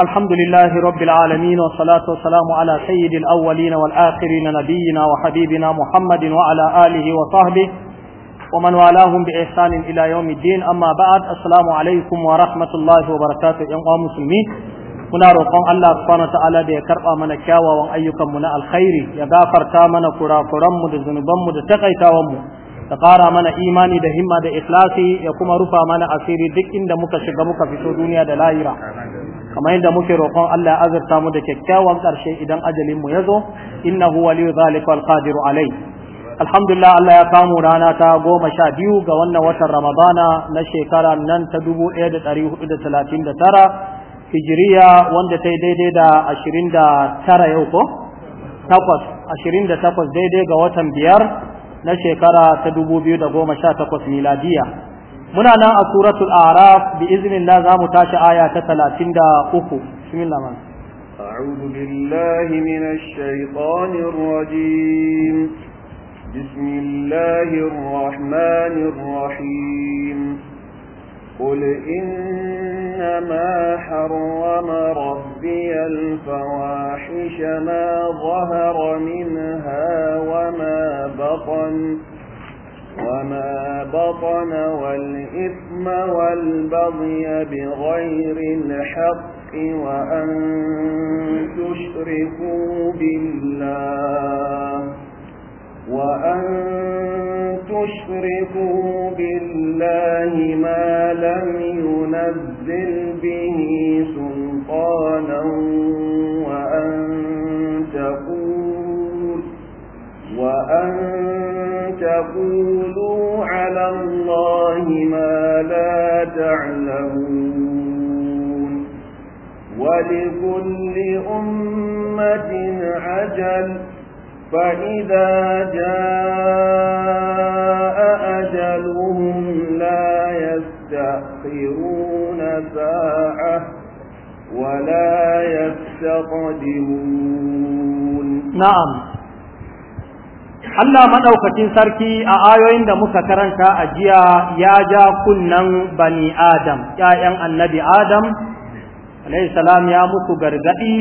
الحمد لله رب العالمين والصلاة والسلام على سيد الأولين والآخرين نبينا وحبيبنا محمد وعلى آله وصحبه ومن والاهم بإحسان إلى يوم الدين أما بعد السلام عليكم ورحمة الله وبركاته يا مسلمين muna roƙon Allah subhanahu da ya karɓa mana kyawawan ayyukanmu na alkhairi ya gafarta mana kurakuranmu da zunubanmu da takaitawanmu da ƙara mana imani da himma da ikhlasi ya kuma rufa mana asiri duk inda muka shiga muka fito duniya da lahira kamar yadda muke roƙon Allah ya azurta mu da kyakkyawan ƙarshe idan ajalin mu ya zo innahu waliyu zalika alqadiru alai alhamdulillah Allah ya kamu rana ta goma sha biyu ga wannan watan ramadana na shekara nan ta dubu ɗaya da ɗari hudu da talatin da tara hijiriya wanda ta yi daidai da ashirin da tara yau ko takwas ashirin da takwas daidai ga watan biyar na shekara ta dubu biyu da goma sha takwas miladiya منا نا سورة الأعراف بإذن الله زام تاشا آية تتلا تندا أخو بسم الله من. أعوذ بالله من الشيطان الرجيم بسم الله الرحمن الرحيم قل إنما حرم ربي الفواحش ما ظهر منها وما بطن وما بطن والإثم والبغي بغير الحق وأن تشركوا بالله وأن تشركوا بالله ما لم ينزل به سلطانا وأن تقول وأن تقولوا على الله ما لا تعلمون ولكل أمة أجل فإذا جاء أجلهم لا يستأخرون ساعة ولا يستقدمون نعم Allah maɗaukacin sarki a ayoyin da muka karanta a jiya ya ja kunnan bani Adam, ‘ya'yan annabi Adam, salam ya muku gargaɗi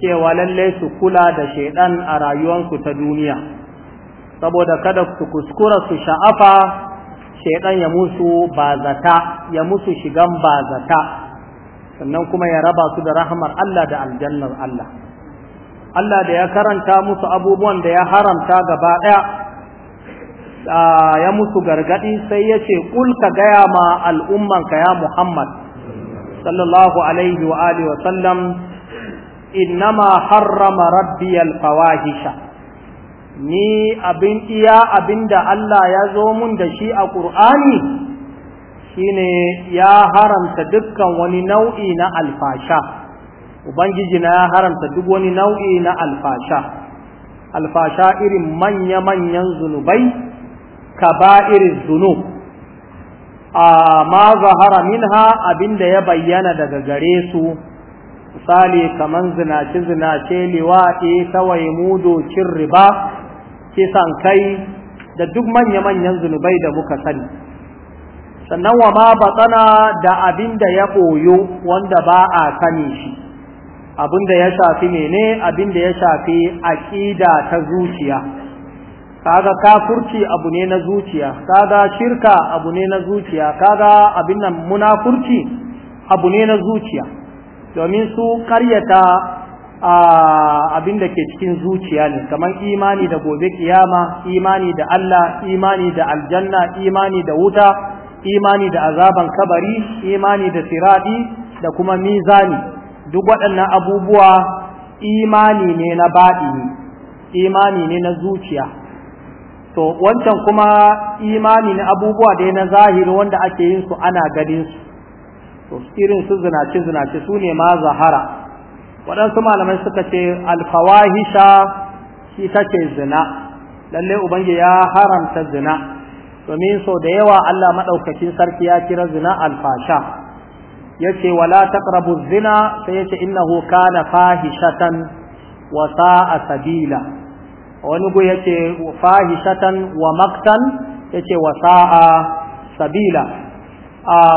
cewa lalle su kula da shaiɗan a rayuwansu ta duniya, saboda kada su kuskura su sha'afa shaiɗan ya musu bazata, ya musu shigan bazata, sannan kuma ya raba su da rahmar Allah da aljannar Allah. Allah da ya karanta musu abubuwan da ya haramta gaba ɗaya ya musu gargaɗi sai ya ce ka gaya ma al'ummanka ya Muhammad sallallahu alaihi wa alihi wa sallam innama harrama rabbiyal fawahisha ni abin iya abinda Allah ya zo mun da shi a Qur'ani shine ya haramta dukkan wani nau'i na alfasha ubangiji na ya haramta duk wani nau'i na alfasha alfasha irin manya-manyan zunubai ka irin zunub a ma haramin ha abinda ya bayyana daga gare su misali kamar zinace-zinace liwaɗi kawai mudo cin riba kisan kai da duk manya-manyan zunubai da muka sani sannan wa ma batsana da abinda ya ɓoyo wanda ba a sani shi abin da ya shafi mene abin da ya shafi aƙida ta zuciya kaga kafurci abu ne na zuciya kaga shirka abu ne na zuciya kaga abin nan munafurci abu ne na zuciya domin su karyata abin da ke cikin zuciya ne kamar imani da gobe kiyama imani da Allah imani da aljanna imani da wuta imani da azaban kabari imani da siradi da kuma mizani duk waɗannan abubuwa imani ne na baɗi imani ne na zuciya to wancan kuma imani na abubuwa dai na zahiri wanda ake yin su ana ganin su to irin su zinace zinace su ne ma zahara waɗansu malamai suka ce alfawahisha shi take zina lalle ubangi ya haramta zina domin sau da yawa Allah maɗaukacin sarki ya kira zina alfasha yace wala taqrabu zina sai yace innahu kana fahishatan wa sa'a sabila wani gu yace fahishatan wa yace wa sa'a sabila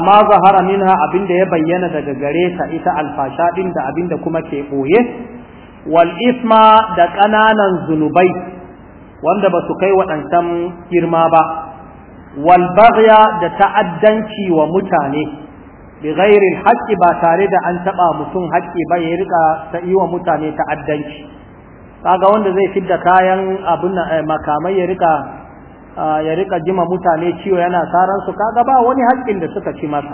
ma zahara minha abinda ya bayyana daga gare ta ita alfasha din da abinda kuma ke boye wal isma da kananan zunubai wanda ba su kai waɗancan girma ba wal baghya da ta'addanci wa mutane bi ghairil haqqi ba tare da an taba mutum haƙƙi ba ya rika ta wa mutane ta'addanci kaga wanda zai fidda kayan abun makamai ya rika ya rika jima mutane ciwo yana saran su kaga ba wani haƙƙin da suka ci masa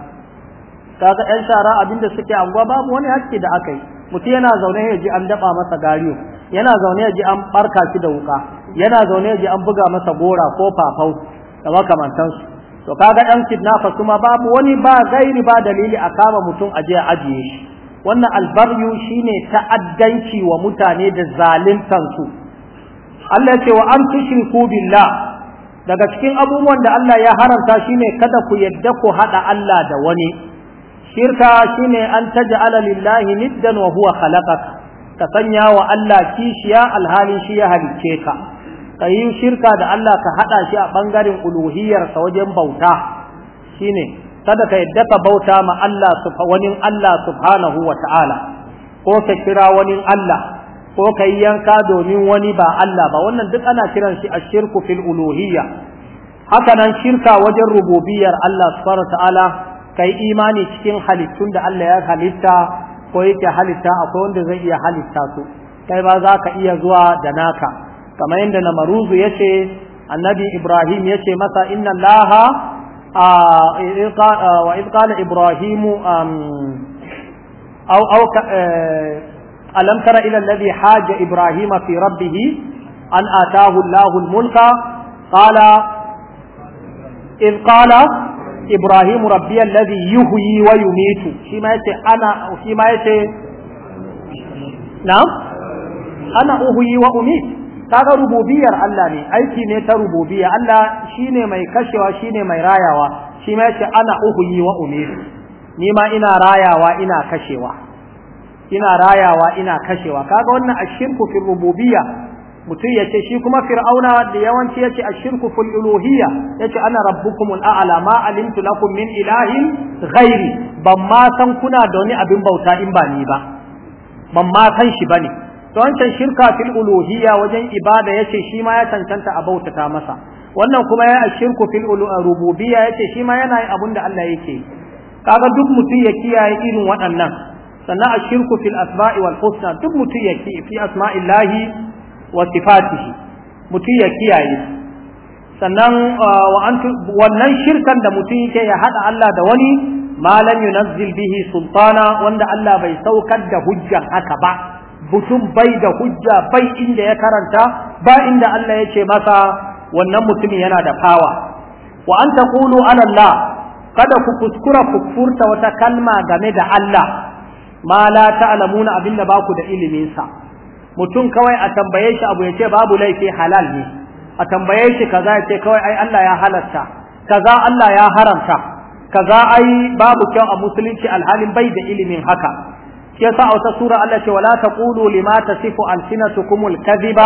kaga yan shara abinda suke anguwa babu wani haƙƙi da aka yi mutum yana zaune ya ji an daba masa gariyo yana zaune ya ji an barka shi da wuka yana zaune ya ji an buga masa gora ko fafau da makamantansu to kaga ɗan kidnapper kuma babu wani ba gairi ba dalili a kama mutum a a ajiye shi wannan albaryu shine ta'addanci wa mutane da zaluntar su Allah ya ce wa an tushriku billah daga cikin abubuwan da Allah ya haramta shine kada ku yadda ku hada Allah da wani shirka shine an taj'ala lillahi niddan wa huwa khalaqaka ka sanya wa Allah kishiya alhalin shi ya halicce ka ka yi shirka da Allah ka haɗa shi a ɓangaren uluhiyarsa wajen bauta shine kada ka yadda bauta ma Allah wani Allah subhanahu wa ta'ala ko ka kira wani Allah ko ka yi yanka domin wani ba Allah ba wannan duk ana kiran shi a shirku fil uluhiyya haka nan shirka wajen rububiyar Allah subhanahu wa ta'ala yi imani cikin halittun da Allah ya halitta ko yake halitta akwai wanda zai iya halitta su kai ba za ka iya zuwa da naka kamar yadda namaruzu ya ce annabi ibrahim ya ce masa inna laha wa ibqala ibrahimu au au alam tara ila alladhi haja ibrahima fi rabbih an atahu allahul mulka qala id qala ibrahim rabbi alladhi yuhyi wa yumitu shi ma yace ana shi ma yace na ana uhyi wa umit kaga rububiyar Allah ne aiki ne ta rububiyya Allah shine mai kashewa shine mai rayawa shi ma yace ana uhuyi wa umiru ni ma ina rayawa ina kashewa ina rayawa ina kashewa kaga wannan ashirku fil rububiyya mutum yace shi kuma fir'auna da yawanci yace ashirku fil uluhiyya yace ana rabbukumul a'la ma alimtu lakum min ilahin ghairi ban ma san kuna da wani abin bauta in ba ni ba ban ma san shi bane to wancan shirka fil uluhiyya wajen ibada yace shi ma ya cancanta a bautata masa wannan kuma ya shirku fil rububiyya yace shi ma yana yin abin da Allah yake kaga duk mutum ya kiyaye irin waɗannan sannan ashirku fil asma'i wal husna duk mutum ya kiyaye fi asma'illahi wa sifatihi mutum ya kiyaye sannan wannan shirkan da mutum yake ya hada Allah da wani ma lam yunazzil bihi sultana wanda Allah bai saukar da hujjan haka ba mutum bai da hujja bai inda ya karanta ba inda Allah ya ce masa wannan mutumin yana da fawa wa an taqulu ala Allah kada ku kuskura ku furta wata kalma game da Allah ma la ta'lamuna abinda da baku da ilimin sa mutum kawai a tambaye shi abu ya ce babu laifi halal ne a tambaye shi kaza ya ce kawai ai Allah ya halatta kaza Allah ya haramta kaza ai babu kyau a musulunci alhalin bai da ilimin haka yasa a wata sura Allah ce wala taqulu lima tasifu alsinatukum alkadhiba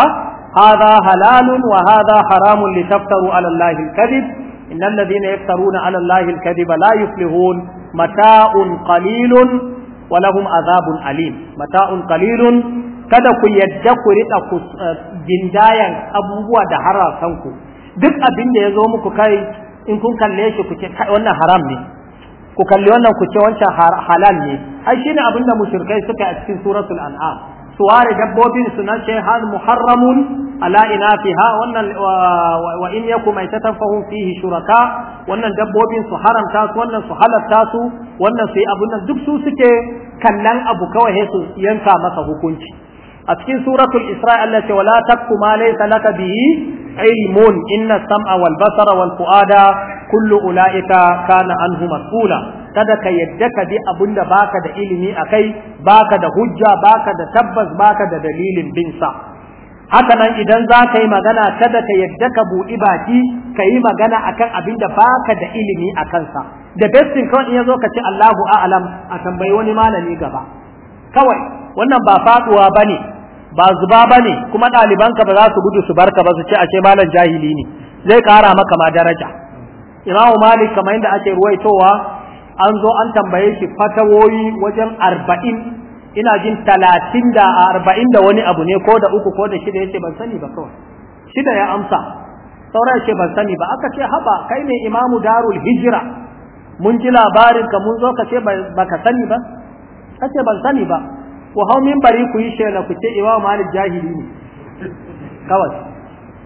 hadha halalun wa hadha haramun litaftaru ala Allahi alkadhib innal ladhina yaftaruna ala Allahi alkadhiba la yuflihun mata'un qalilun wa lahum adhabun alim mata'un qalilun kada ku yadda ku rika ku jindayan abubuwa da harasanku duk abin da ya zo muku kai in kun kalle shi ku ce wannan haram ne ku kalli wannan ku ce wancan halal ne ai shine abin da mushrikai suka a cikin suratul an'am su ware dabbobin su nan ce hal muharramun ala inafiha wannan wa in yakum maitatan fahum fihi shuraka wannan dabbobin su haramta su wannan su halatta su wannan su yi abin nan duk su suke kallan abu kawai su yanka masa hukunci a cikin suratul Isra'ila Allah ce wala takku ma laysa laka bihi ilmun inna sam'a wal basara wal fuada kullu ula'ika kana anhu mas'ula kada ka yadda ka bi abunda baka da ilimi akai baka da hujja baka da tabbas baka da dalilin bin sa haka nan idan za ka yi magana kada ka yadda ka buɗi baki ka yi magana akan abinda baka da ilimi a kansa da bestin kawai in yazo ka ce Allahu a'lam a tambayi wani malami gaba kawai wannan ba faduwa bane ba zuba bane kuma ɗalibanka ba za su gudu su barka ba su ce ashe malam jahili ne zai ƙara maka ma daraja imamu malik kamar yadda ake ruwaitowa an zo an tambaye shi fatawoyi wajen arba'in ina jin talatin da arba'in da wani abu ne ko da uku ko da shida yace ban sani ba kawai shida ya amsa sauran yace ban sani ba aka ce haba kai ne imamu darul hijira mun ji labarin ka mun zo ka ce baka sani ba kace ban sani ba ku hau bari ku yi shela ku ce imamu malik jahili ne kawai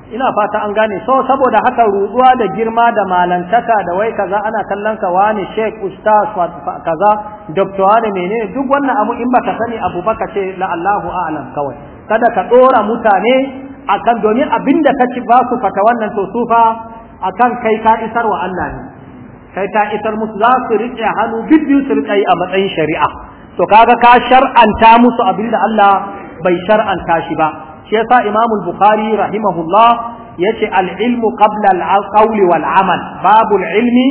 ina fata an gane so saboda haka ruduwa da girma da malantaka da wai kaza ana kallon ka wani sheikh ustaz kaza doctor wani menene duk wannan abu in baka sani abu baka ce la Allahu a'lam kawai kada ka dora mutane akan domin abinda ka ci ba su fata wannan to sufa akan kai ka isar wa Allah ne kai ka isar musu za su rike hannu bidiyu su rike a matsayin shari'a to kaga ka shar'anta musu abinda Allah bai shar'anta shi ba shi yasa Imam al-Bukhari rahimahullah yace al-ilmu qabla al-qawli wal amal babu al-ilmi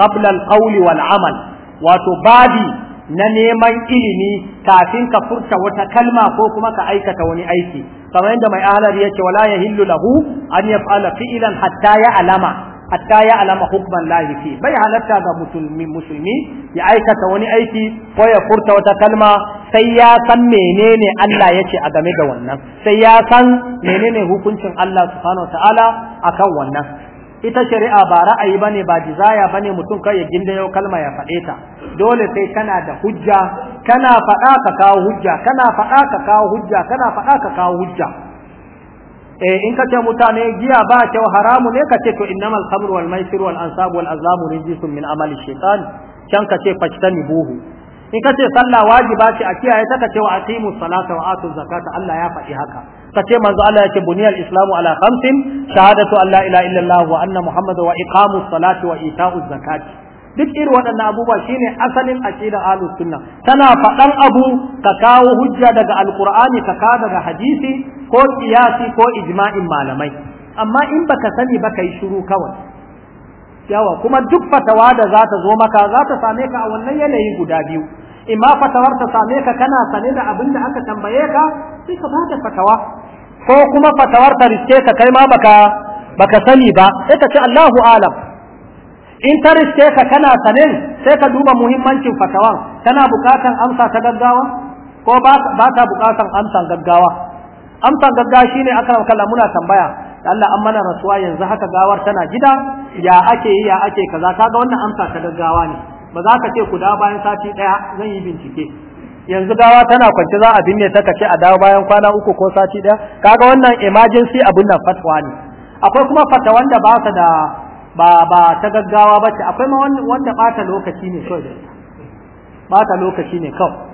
qabla al-qawli wal amal wato babi na neman ilimi kafin ka furta wata kalma ko kuma ka aikata wani aiki kamar yadda mai ahlar yace wala yahillu lahu an yaf'ala fi'lan hatta ya'lama hatta ya alama hukman lahi fi bai halatta ga musulmi musulmi ya aikata wani aiki ko ya furta wata kalma sai ya san menene Allah yake a game da wannan sai ya san menene hukuncin Allah subhanahu wa ta'ala akan wannan ita shari'a ba ra'ayi bane ba jizaya bane mutum kai ya ginda yau kalma ya faɗe ta dole sai kana da hujja kana faɗa ka kawo hujja kana faɗa ka kawo hujja kana faɗa ka kawo hujja eh in ka ce mutane giya ba kyau haramu ne ka ce to innamal khamru wal maisir wal ansab wal azlamu rijsun min amali shaitan can ka ce buhu. in kace sallah wajiba ce a kiyaye ta kace wa aqimu salata wa atu zakata Allah ya faɗi haka kace manzo Allah yake buniyal islamu ala khamsin shahadatu an la ilaha illallah wa anna muhammadu wa iqamu salati wa ita'u zakati duk irin waɗannan abubuwa shine asalin aqida ahlus sunna tana faɗan abu ka kawo hujja daga alqur'ani ka kawo daga hadisi ko qiyasi ko ijma'in malamai amma in baka sani ba kai shiru kawai yawa kuma duk fatawa da za ta zo maka za ta same ka a wannan yanayin guda biyu imma fatawar ta same ka kana sane da abin da aka tambaye ka sai ka bada fatawa ko kuma fatawar ta riske ka kai ma baka baka sani ba sai ka ce Allahu alam in ta riske ka kana sane sai ka duba muhimmancin fatawan kana bukatan amsa ta gaggawa ko ba ta bukatan amsa gaggawa amsan gaggawa shine akram kallon muna tambaya Allah an mana rasuwa yanzu haka gawar tana gida ya ake yi ya ake kaza kaga wannan amsa ta gaggawa ne ba za ka ce ku dawo bayan sati ɗaya zan yi bincike yanzu gawa tana kwance za a binne ta kace a dawo bayan kwana uku ko sati ɗaya kaga wannan emergency abun nan fatwa ne akwai kuma fata wanda ba ta da ba ba ta gaggawa ba ce akwai ma wanda ɓata lokaci ne kawai ɓata lokaci ne kawai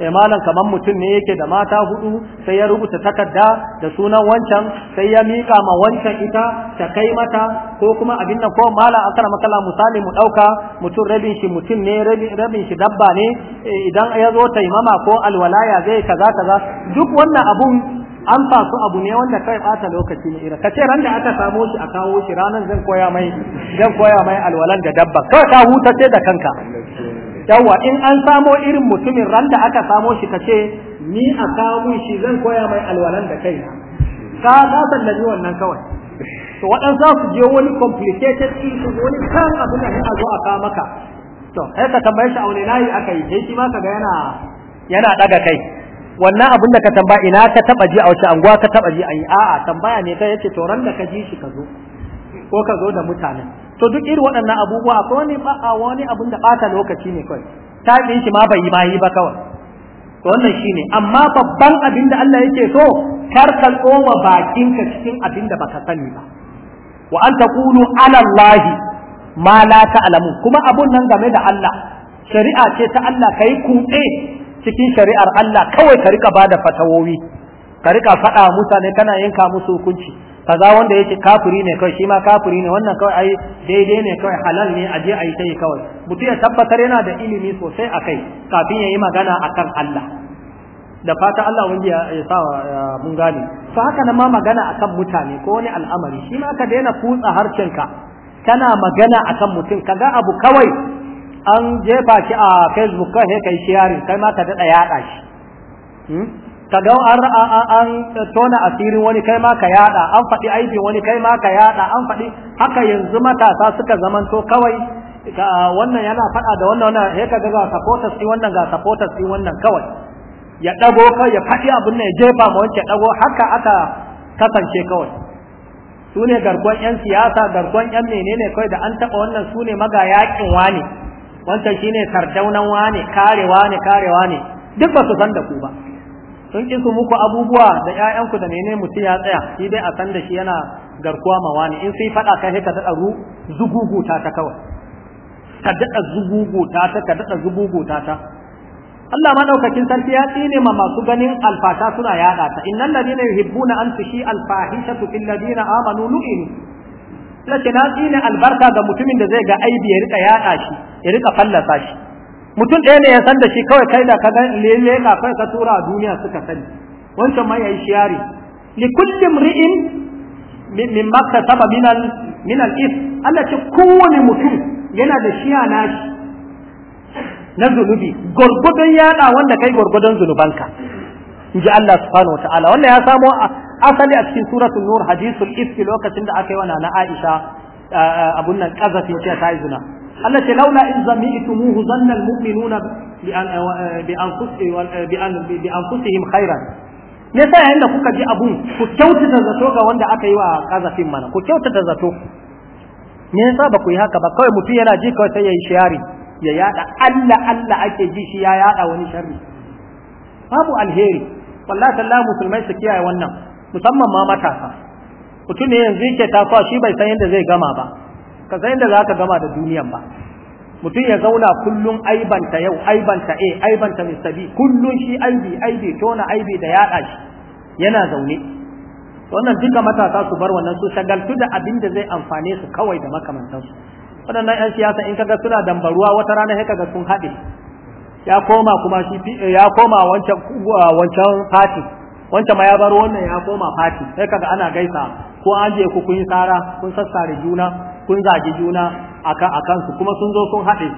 eh kamar kaman mutum ne yake da mata hudu sai ya rubuta takarda da sunan wancan sai ya mika ma wancan ita ta kai mata ko kuma abin nan ko malam akara makala misali mu dauka mutum rabin shi mutum ne rabin shi dabba ne eh, idan ya zo taimama ko alwalaya zai kaza kaza duk wannan abun an ba abu ne wanda kai bata lokaci ne ira kace ran da aka samo shi a kawo shi ranan zan koya mai zan koya mai alwalan da dabba kai ka hutace da kanka yawa in an samo irin mutumin ran da aka samo shi kace ni a kawo shi zan koya mai alwalan da kai ka ka sallami wannan kawai to wadan za su je wani complicated issue wani kan abu ne a zo a ka maka to sai ka tambaye shi a wani aka yi sai shi ma kaga yana yana daga kai wannan abin da ka tambaya ina ka taba ji a wace anguwa ka taba ji ayi a'a tambaya ne kai yace to ran da ka ji shi ka zo ko ka zo da mutanen to duk irin waɗannan abubuwa akwai wani ba a wani abin da ɓata lokaci ne kawai tabi'in shi ma bai yi ma yi ba kawai to wannan shine amma babban abin da Allah yake so kar ka tsoma bakinka cikin abin da baka sani ba wa an taqulu ala Allah ma la ta'lamu kuma abun nan game da Allah shari'a ce ta Allah kai kuɗe cikin shari'ar Allah kawai ka rika bada fatawowi ka rika faɗa mutane kana yanka musu hukunci kaza wanda yake kafiri ne kawai shi ma kafiri ne wannan kawai ai daidai ne kawai halal ne a je a yi ta yi kawai mutum ya tabbatar yana da ilimi sosai a kai kafin ya yi magana a kan Allah da fata Allah wani ya sa mun gane to haka nan ma magana akan mutane ko wani al'amari shi ma ka daina kutsa harshenka kana magana akan mutum kaga abu kawai an jefa shi a Facebook kai kai shiyarin kai ma ka daɗa yaɗa shi hmm? kaga an an tona asirin wani kai ma ka yada an faɗi aibin wani kai ma ka yada an faɗi haka yanzu matasa suka zamanto kawai wannan yana faɗa da wannan wannan he kaga ga supporters shi wannan ga supporters shi wannan kawai ya dago kai ya faɗi abin nan ya jefa ma wancan dago haka aka kasance kawai su ne garkon yan siyasa garkon yan menene kawai da an taɓa wannan su ne maga yakin wane wancan shine sardaunan wane karewa ne karewa ne duk ba su san da ku ba sun ƙin su muku abubuwa da ƴaƴanku da mene mutum ya tsaya shi dai a san da shi yana garkuwa mawa ne in sai faɗa kai ka daɗa zuguguta ta kawai ka daɗa zuguguta ta ka daɗa zuguguta ta Allah madaukakin sarki ya tsine ma masu ganin alfata suna yaɗa ta innal ladina yuhibbuna an tushi alfahishatu fil ladina amanu lu'inu lakin na tsine albarka ga mutumin da zai ga aibi ya rika yaɗa shi ya rika fallasa shi mutum ɗaya ne ya san da shi kawai kai da ka lele ka kai ka tura a duniya suka sani wancan ma yayi shiyari li kulli mri'in min makka saba min al is Allah ce kowane mutum yana da shiya nashi na zunubi gurgudun yada wanda kai gurgudun zunubanka inji Allah subhanahu wataala wannan ya samo asali a cikin suratul nur hadisul iski lokacin da aka yi wa na Aisha abun nan kazafi ce ta yi zina Allah ce laula in zami'tumuhu zanna almu'minuna bi an bi anfusihim khairan me yasa yayin da kuka ji abun ku kyautata zato ga wanda aka yi wa kazafin mana ku kyautata zato me yasa ba ku yi haka ba kawai mutum yana ji kawai sai ya yi shiyari ya yada Allah Allah ake ji shi ya yada wani sharri babu alheri wallahi tallahi musulmai su kiyaye wannan musamman ma matasa mutum ne yanzu yake tasowa shi bai san yadda zai gama ba ka san yadda za ka gama da duniyan ba mutum ya zauna kullum aibanta yau aibanta a aibanta Mr. B kullum shi aibi aibi tona aibi da yaɗa shi yana zaune wannan duka matasa su bar wannan su shagaltu da abin da zai amfane su kawai da makamantansu waɗannan 'yan siyasa in kaga suna dambaruwa wata rana sai kaga sun haɗe ya koma kuma shi ya koma wancan wancan wancan ma ya bar wannan ya koma party sai kaga ana gaisa ko an je ku kun tsara kun sassare juna kun zagi juna akan akansu kuma sun zo sun haɗe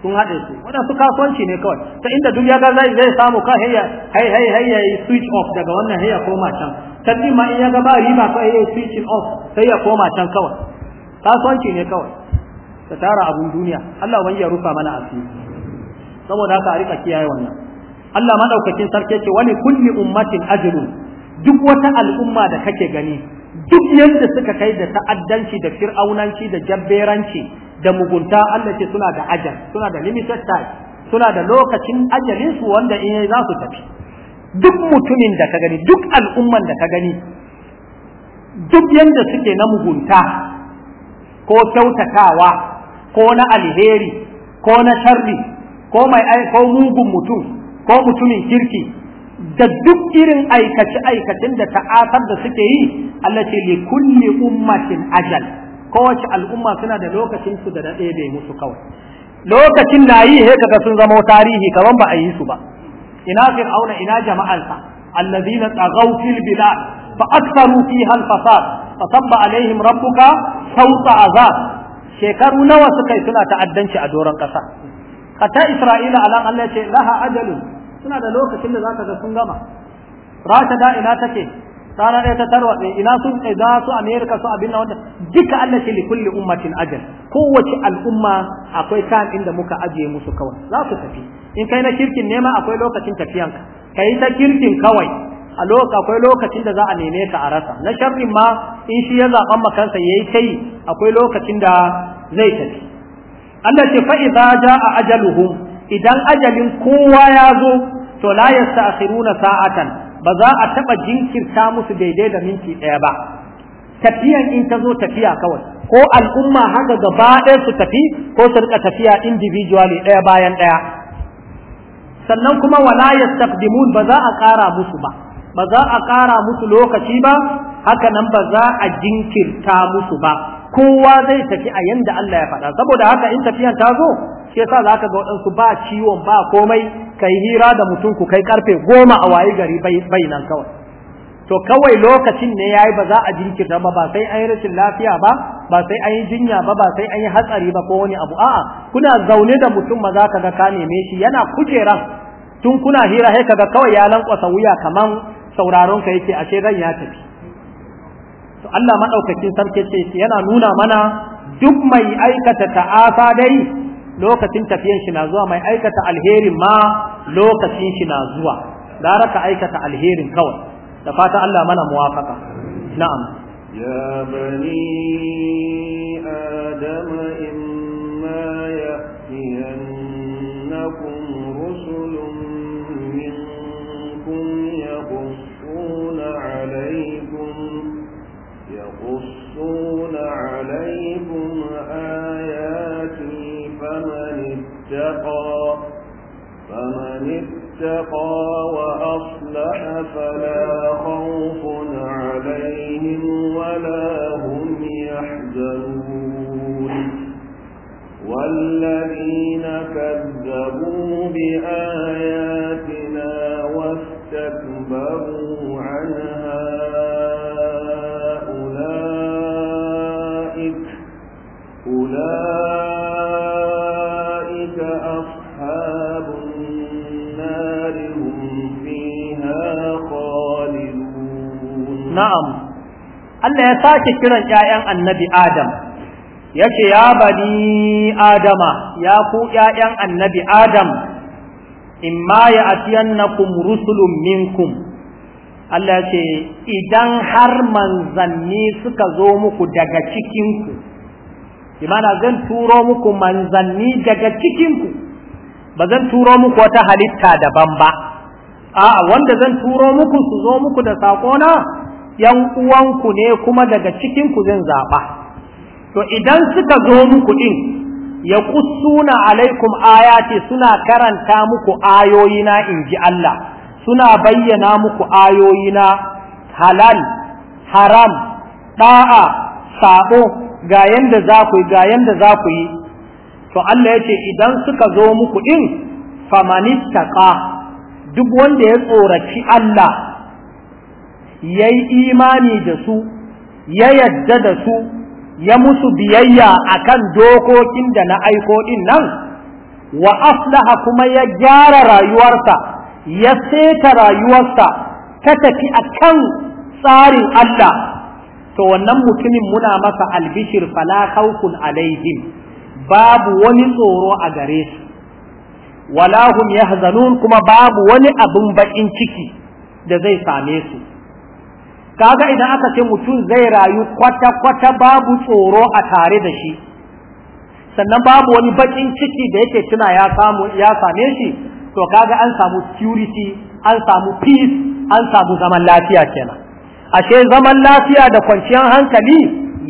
sun haɗe su waɗansu kasuwanci ne kawai ta inda duk ya ga zai zai samu ka hayya hay hay hay ya switch off daga wannan hayya koma can tabbin ma in ya ga ba riba ko ya switch off sai ya koma can kawai kasuwanci ne kawai ta tara abun duniya Allah wani ya rufa mana asiri saboda haka a rika kiyaye wannan Allah madaukakin sarki ce wani kulli ummatin ajrun duk wata al'umma da kake gani duk yadda suka kai da ta'addanci da fir'aunanci da jabberanci da mugunta Allah ce suna da ajal suna da limited time suna da lokacin ajalin su wanda in za su tafi duk mutumin da ka gani duk al'umman da ka gani duk yadda suke na mugunta ko kyautatawa ko na alheri ko na sharri ko mai ko mugun mutum ko mutumin kirki da duk irin aikace-aikacen da ta'atar da suke yi Allah ce li kulli ummatin ajal kowace al'umma suna da lokacin su da daɗe bai musu kawai lokacin da yi he kaga sun zama tarihi kaman ba a yi su ba ina fir'auna ina jama'arsa. allazina tagaw fil bilad fa aktharu fiha al fasad fa sabba alaihim rabbuka sawta azab shekaru nawa suka yi suna ta'addanci a doron kasa kata isra'ila ala Allah ce laha ajalun suna da lokacin da zaka ga sun gama rashada ina take tsara ɗaya ta ina su eh, za su amerika su abin na wanda duka allah shi likulli ummatin ajal kowace al'umma akwai time inda muka ajiye musu kawai za su tafi in kai na kirkin nema akwai lokacin tafiyanka kai ta kirkin kawai a akwai lokacin da za a neme ka a rasa na sharrin ma in shi ya zaɓan makansa yayi kai akwai lokacin da zai tafi Allah ce fa idza jaa ajaluhum idan ajalin kowa ya zo to la yasta'khiruna sa'atan ba za a taba jinkirta musu daidai da minti daya ba tafiyan in ta zo tafiya kawai ko al'umma haka gaba ɗaya su tafi ko su rika tafiya individually ɗaya bayan ɗaya sannan kuma wala yastaqdimun ba za a ƙara musu ba ba za a ƙara musu lokaci ba haka nan ba za a jinkirta musu ba kowa zai tafi a yanda Allah ya faɗa saboda haka in tafiyan ta zo shi yasa za ka ga waɗansu ba ciwon ba komai kai hira da mutum ku kai karfe goma a waye gari bai nan kawai to kawai lokacin ne yayi ba za a jinkirta ba ba sai an yi rashin lafiya ba ba sai an yi jinya ba ba sai an yi hatsari ba ko wani abu a'a kuna zaune da mutum ma za ka ga ka neme shi yana kujera tun kuna hira sai kaga kawai ya lankwasa wuya kaman sauraron ka yake ashe ran ya tafi to Allah madaukakin sarki ce yana nuna mana duk mai aikata ta'afa dai lokacin tafiyan shi na zuwa mai aikata alherin ma lokacin shi na zuwa gara ka aikata alherin kawai da fata Allah mana muwafaka na'am ya bani in من اتقى وأصلح فلا خوف عليهم ولا هم يحزنون والذين كذبوا بآياتنا واستكبروا na'am Allah ya sake kiran ƴaƴan annabi Adam yace ya bani Adama ya ku ƴaƴan annabi Adam in ma ya kum rusulun minkum Allah ce idan har manzanni suka zo muku daga cikinku imana zan turo muku manzanni daga cikinku ba zan turo muku wata halitta daban ba a'a wanda zan turo muku su zo muku da saƙona yan uwanku ne kuma daga cikin ku zan zaɓa to idan suka zo muku din ya kussuna alaikum ayati suna karanta muku ayoyina in ji Allah suna bayyana muku ayoyi na halal haram ɗa'a, saɓo, ga yanda za ku yi ga yanda za ku yi to Allah ya ce idan suka zo muku din famanittaqa duk wanda ya tsoraci Allah Yayi imani da su ya yadda da su ya musu biyayya akan dokokin da na aiko din nan wa aslaha kuma ya gyara rayuwarsa ya seta rayuwarsa ta tafi akan tsarin Allah to wannan mutumin muna masa albishir fala khawfun alaihim babu wani tsoro a gare su wala hum kuma babu wani abin baƙin ciki da zai same su kaga idan aka ce mutum zai rayu kwata-kwata babu tsoro a tare da shi sannan babu wani bakin ciki da yake tuna ya samu ya same shi to kaga an samu security an samu peace an samu zaman lafiya kenan ashe zaman lafiya da kwanciyar hankali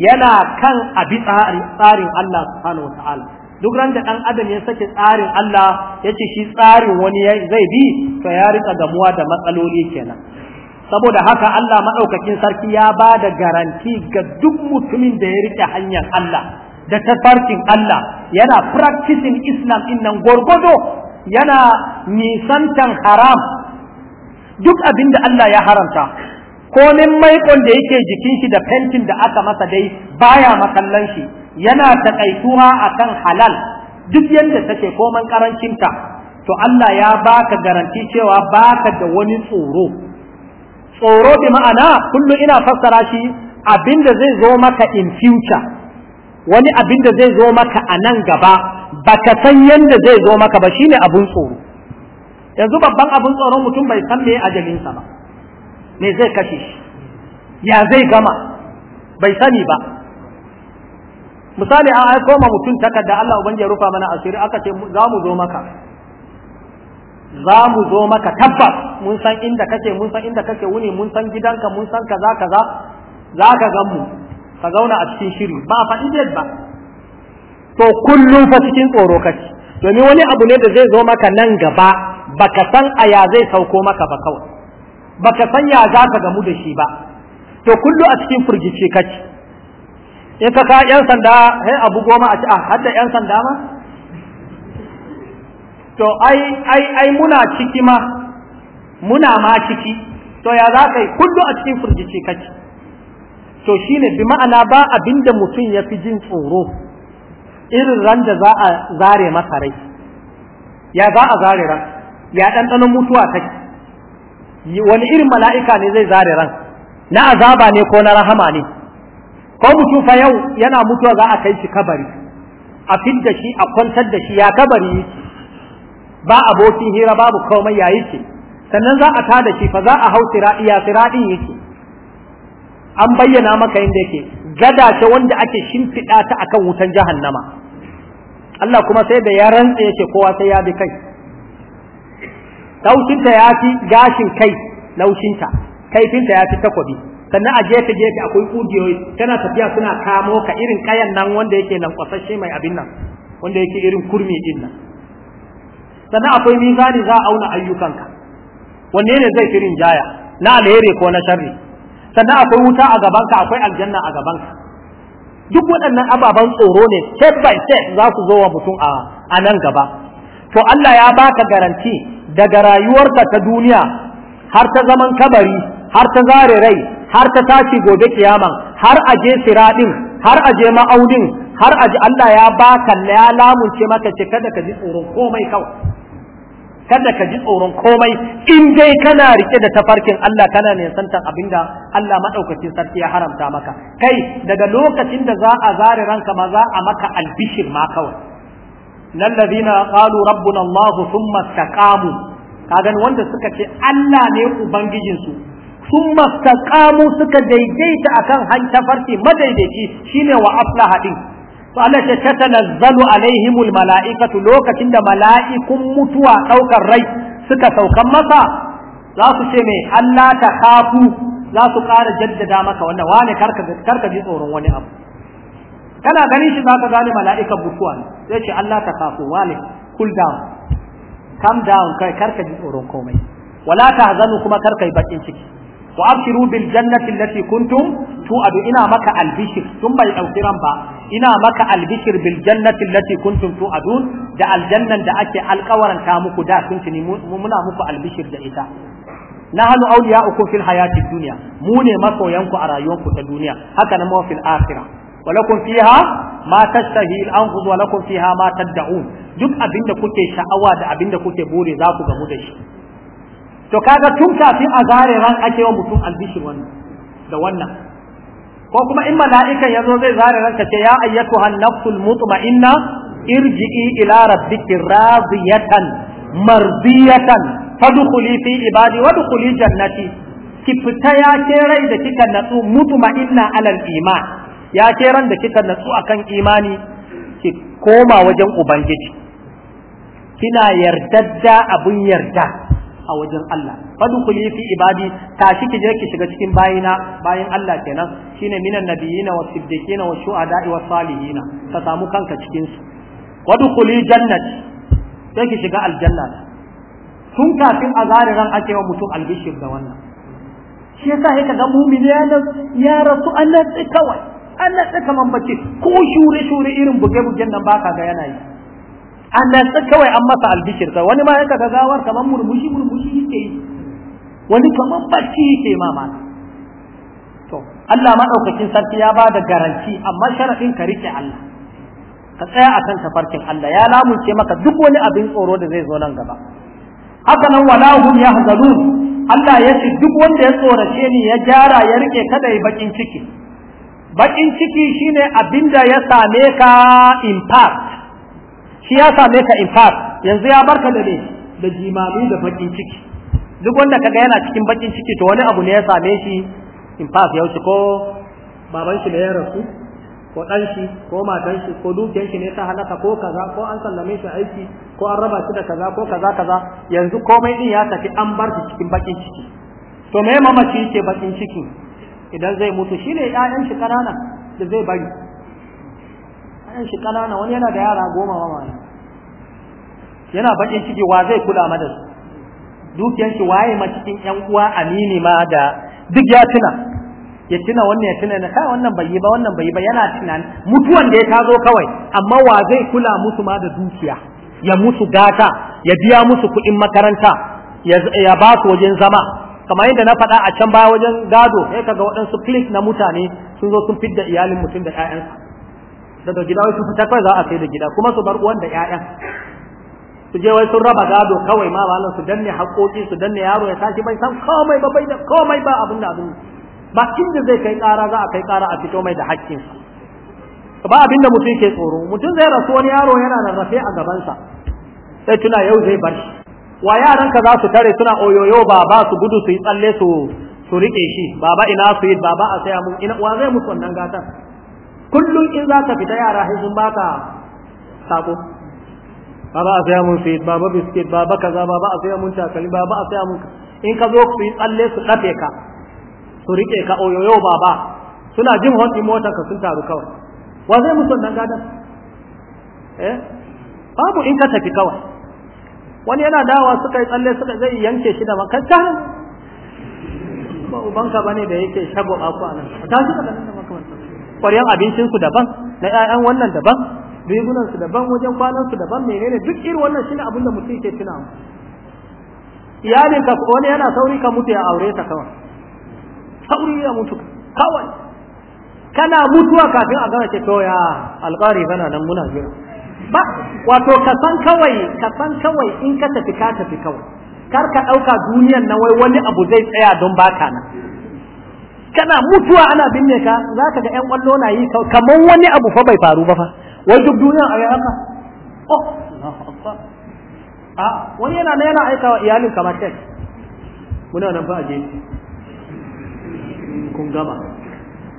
yana kan abi tsarin Allah subhanahu wataala duk ran da dan adam ya sake tsarin Allah yace shi tsarin wani zai bi to ya rika gamuwa da matsaloli kenan saboda haka Allah maɗaukakin sarki ya ba da garanti ga duk mutumin da ya riƙe hanyar Allah da tafarkin Allah yana practicing Islam innan gorgodo yana nisantan haram duk abin da Allah ya haramta komin maikon da yake jikin shi da fentin da aka masa dai baya makallan shi yana taƙaituwa akan halal duk yadda take koman karancinta to Allah ya baka garanti cewa baka da wani tsoro tsoro bi ma'ana kullum ina fassara shi abinda zai zo maka in future wani abinda zai zo maka a nan gaba baka san yadda zai zo maka ba shine abun tsoro yanzu babban abun tsoron mutum bai san me ajalinsa ba me zai kashe shi ya zai gama bai sani ba misali an aiko ma mutum takarda Allah ubangiji ya rufa mana asiri aka ce za mu zo maka za mu zo maka tabbas mun san inda kake mun san inda kake wuni mun san gidanka mun san kaza kaza za ka gan mu ka zauna a cikin shiri ba faɗi date ba to kullum fa cikin tsoro kake domin wani abu ne da zai zo maka nan gaba baka san a ya zai sauko maka ba kawai baka san ya za ka gamu da shi ba to kullu a cikin furgice kake in ka ka yan sanda sai abu goma a ci a ah, hadda yan sanda ma to ai ai ai muna ciki ma muna ma ciki to ya za ka yi kullu a cikin firgici kake to shine bi ma'ana ba abin da mutum ya fi jin tsoro irin ran da za a zare masa rai ya za a zare ran ya ɗanɗanon mutuwa take wani irin mala'ika ne zai zare ran na azaba ne ko na rahama ne ko mutum fa yau yana mutuwa za a kai shi kabari a fidda shi a kwantar da shi ya kabari ba abokin hira babu komai ya yake sannan za a tada shi fa za a hau siradi ya siradin yake an bayyana maka inda yake gada ce wanda ake shimfiɗa ta akan wutan jahannama Allah kuma sai da ya rantsa yake kowa sai ya bi kai laushinta ya fi gashin kai laushin laushinta kaifinta ya fi takwabi sannan a gefe gefe akwai kudiyoyi tana tafiya suna kamo ka irin kayan nan wanda yake nan kwasashe mai abin nan wanda yake irin kurmi din nan sannan akwai mizani za a auna ayyukanka wanne ne zai firin jaya na alheri ko na sharri sannan akwai wuta a gabanka akwai aljanna a gabanka duk waɗannan ababen tsoro ne step by step za su zo wa mutum a nan gaba to Allah ya baka garanti daga rayuwarka ta duniya har ta zaman kabari har ta zare rai har ta tashi gobe kiyaman har a aje siradin har aje ma'audin har aje Allah ya baka ya lamunce maka ce kada ka ji tsoron komai kawai kada ka ji tsoron komai in dai kana rike da tafarkin Allah kana ne santan da Allah madaukakin sarki ya haramta maka kai daga lokacin da za a zare ranka ma za a maka albishir ma kawai nan ladina qalu rabbuna Allah thumma istaqamu kaga wanda suka ce Allah ne ubangijin su thumma istaqamu suka daidaita akan han tafarki madaidaici shine wa aflaha din to Allah ce ta tanazzalu alaihimul mala'ikatu lokacin da mala'ikun mutuwa daukar rai suka saukan masa za su ce mai Allah ta kafu za su ƙara jaddada maka wannan wane karka karka ji tsoron wani abu kana ganin shi zaka gane mala'ikan mutuwa ne zai ce Allah ta kafu wane cool down calm down kai karka ji tsoron komai wala ta hazanu kuma karka yi bakin ciki wa abshiru bil jannati allati kuntum tu'adu ina maka albishir tun bai dauki ran ba ina maka albishir bil jannati allati kuntum tu'adun da aljannan da ake ta muku da kun tuni muna muku albishir da ita nahnu awliya'ukum fil hayati dunya mu ne masoyanku a rayuwarku ta duniya haka nan ma fil akhirah wa lakum fiha ma tashtahi al anfus wa lakum fiha ma tad'un duk abinda kuke sha'awa da abinda kuke bore za ku gamu da shi to kaga tun kafin a zare ran ake wa mutum albishir wannan da wannan ko kuma in mala'ikan yazo zai zare ranka ce ya ayyatuhan nafsul mutma'inna irji'i ila rabbiki radiyatan mardiyatan fadkhuli fi ibadi wadkhuli jannati ki fita ya ke rai da kika natsu mutma'inna alal iman ya ke ran da kika natsu akan imani ki koma wajen ubangiji kina yardadda abun yarda a wajen Allah fadu ku fi ibadi tashi ki je ki shiga cikin bayina bayin Allah kenan shine minan nabiyina was siddiqina was shuhada'i was salihina ka samu kanka cikin su kuli jannati sai ki shiga aljanna tun kafin ran ake wa mutum albishir da wannan shi yasa sai kaga mu'mini ya ya rasu Allah kawai Allah tsaka man bace ko shure shure irin buge bugen nan baka ga yana yi ana kawai an masa albishirsa wani ma yanka ga gawar kamar murmushi murmushi yake yi wani kamar bacci yake ma ma to Allah madaukakin sarki ya bada garanti amma sharadin ka rike Allah ka tsaya akan tafarkin Allah ya lamunce maka duk wani abin tsoro da zai zo nan gaba haka nan wala hum yahzalun Allah ya ce duk wanda ya tsorace ni ya gyara ya rike kada ya bakin ciki bakin ciki shine abinda ya same ka impact shi ya same ka in yanzu ya barka da ne da jimami da bakin ciki duk wanda kaga yana cikin bakin ciki to wani abu ne ya same shi in ya wuce ko baban shi da ya rasu ko dan shi ko matan shi ko dukiyar shi ne ta halaka ko kaza ko an sallame shi aiki ko an raba shi da kaza ko kaza kaza yanzu komai din ya tafi an bar shi cikin bakin ciki to me mamaci yake bakin ciki idan zai mutu shine 'ya'yan shi kanana da zai bari 'ya'yan shi ƙanana wani yana da yara goma ma yana bakin ciki wa zai kula ma da su dukiyar shi waye ma cikin ƴan uwa amini ma da duk ya tuna ya tuna wannan ya tuna na kai wannan bai yi ba wannan bai yi ba yana tunani mutuwan da ya tazo kawai amma wa zai kula musu ma da dukiya ya musu gata ya biya musu kuɗin makaranta ya ba su wajen zama kamar yadda na faɗa a can baya wajen gado sai kaga waɗansu click na mutane sun zo sun fidda iyalin mutum da 'ya'yansa da gida wai su fita kai za a sai da gida kuma su bar uwan da ƴaƴan su je wai sun raba gado kawai ma malam su danne haƙoƙi su danne yaro ya tashi bai san komai ba bai da komai ba abin da abin ba kin da zai kai ƙara za a kai ƙara a fito mai da haƙƙin ba abin mutum ke tsoro mutum zai rasu wani yaro yana rarrafe a gabansa sai tuna yau zai bar wa yaran ka za su tare suna oyoyo baba su gudu su yi tsalle su su rike shi baba ina su yi baba a saya mun ina wa zai mutu wannan gatan kullum in za ka fita yara sai sun baka sako baba a saya mun fit baba biskit ba kaza baba a saya mun takalmi baba a saya mun in ka zo su yi tsalle su kafe ka su rike ka oyoyo baba suna jin hotsin motar ka sun taru kawai wa zai musu nan gadan eh babu in ka tafi kawai wani yana dawa suka yi tsalle suka zai yanke shi da makanta ba ubanka bane da yake shago aku anan ta shi nan ƙwaryan abincinsu daban na 'ya'yan wannan daban rigunansu daban wajen kwanansu daban menene duk irin wannan shine abin da mutum yake tuna mu iyalin ka wani yana sauri ka mutu ya aure ta kawai sauri ya mutu kawai kana mutuwa kafin a gama ce to ya alƙari bana nan muna jira ba wato ka san kawai ka san kawai in ka tafi ka tafi kawai kar ka ɗauka duniyan na wai wani abu zai tsaya don baka na kana mutuwa ana binne ka za ka ga 'yan ƙwallo na yi kamar wani abu fa bai faru ba fa wai duk duniya a yi haka oh a wani yana na yana aika wa iyalin kamar tek muna nan ba a gefe kun gama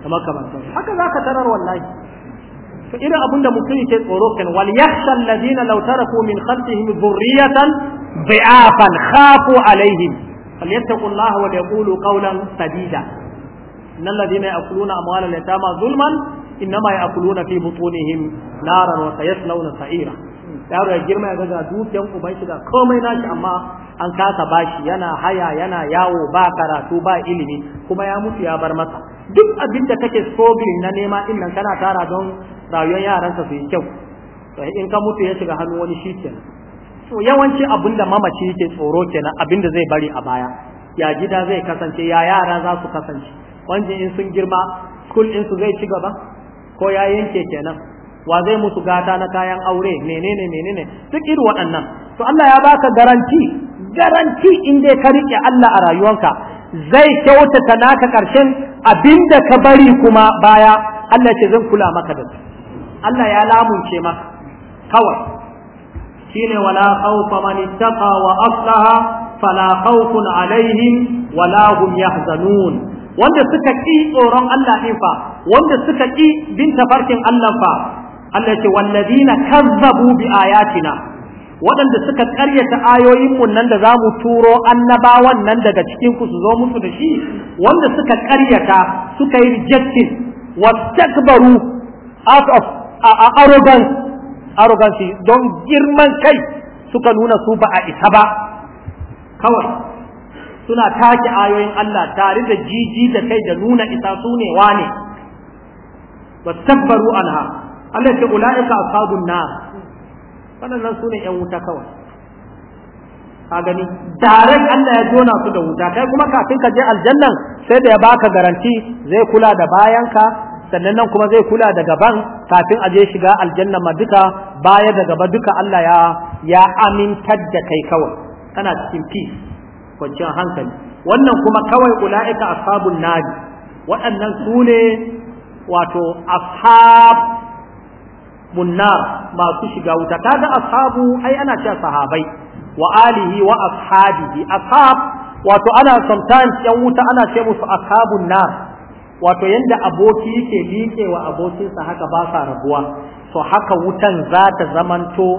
kamar kamar haka za ka tarar wallahi to irin abin da mutum yake tsoro kan wal yakhsha alladhina law taraku min khalfihim dhurriyatan bi'afan khafu alaihim falyattaqullaha wa yaqulu qawlan sadida innal ladina ya'kuluna amwalal yatama zulman innama ya'kuluna fi butunihim naran wa sayaslawna sa'ira yaro ya girma ya ga dukiyan uban shi komai nashi amma an kasa bashi yana haya yana yawo ba karatu ba ilimi kuma ya mutu ya bar masa duk abin da kake struggling na nema din nan kana tara don rayuwar yaransa su yi kyau to in ka mutu ya shiga hannu wani shi kenan to yawanci abin da mamaci yake tsoro kenan abin da zai bari a baya ya gida zai kasance ya yara za su kasance wancan in sun girma school in su zai ci gaba ko ya yanke kenan wa zai musu gata na kayan aure menene menene duk irin waɗannan to Allah ya baka garanti garanti in dai ka rike Allah a rayuwanka zai kyautata naka karshen abinda ka bari kuma baya Allah ce zan kula maka da Allah ya lamunce maka kawai shine wala khawfa man ittaqa wa aslaha fala khawfun alaihim wala hum yahzanun wanda suka ƙi tsoron Allah ɗin fa wanda suka ƙi bin tafarkin Allah fa Allah ce wallazina kazzabu bi ayatina waɗanda suka ƙaryata ayoyinmu nan da za mu turo annabawan nan daga cikin ku su zo musu da shi wanda suka ƙaryata suka yi rejected wastakbaru out of arrogance arrogance don girman kai suka nuna su ba a isa ba kawai suna take ayoyin Allah tare da jiji da kai da nuna isa su ne wane tabbaru anha Allah ce ulaika ashabun na wannan su ne yan wuta kawai ka gani Allah ya jona su da wuta kai kuma kafin ka je aljannan sai da ya baka garanti zai kula da bayanka sannan nan kuma zai kula da gaban kafin a je shiga aljanna ma duka baya da gaba duka Allah ya ya amintar da kai kawai kana cikin peace kwanciyar hankali wannan kuma kawai ula'ika ashabun nadi waɗannan su ne wato ashabun nar masu shiga wuta kaga ashabu ai ana cewa sahabai wa alihi wa ashabihi ashab wato ana sometimes yan wuta ana ce musu ashabun nar wato yanda aboki yake liƙe wa abokinsa haka ba sa rabuwa to haka wutan za ta zamanto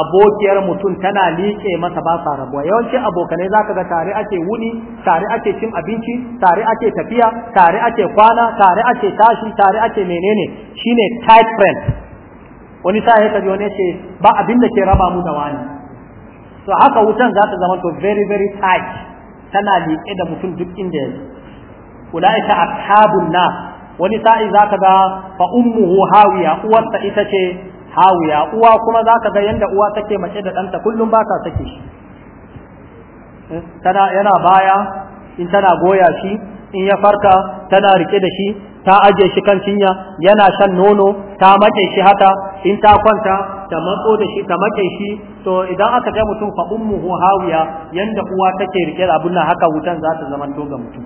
abokiyar mutum tana liƙe masa ba sa rabuwa yawanci abokanai za ka ga tare ake wuni tare ake cin abinci tare ake tafiya tare ake kwana tare ake tashi tare ake menene shine tight friend wani sa ya kaji wani ce ba abin da ke raba mu da wani to haka wutan za ta zama to very very tight tana liƙe da mutum duk inda ya ulaika ashabun nar wani sa'i za ka ga fa ummuhu hawiya uwarsa ita ce hawiya uwa kuma za ka ga yadda uwa take mace da ɗanta kullum ba ka sake shi eh, tana yana baya in tana goya shi in ya farka tana rike da shi ta aje shi kan cinya yana shan nono ta maƙe shi haka in ta kwanta ta matso da shi ta maƙe shi to idan aka ga mutum fa ummuhu hawiya yanda uwa take rike da abun haka wutan za ta zama to ga mutum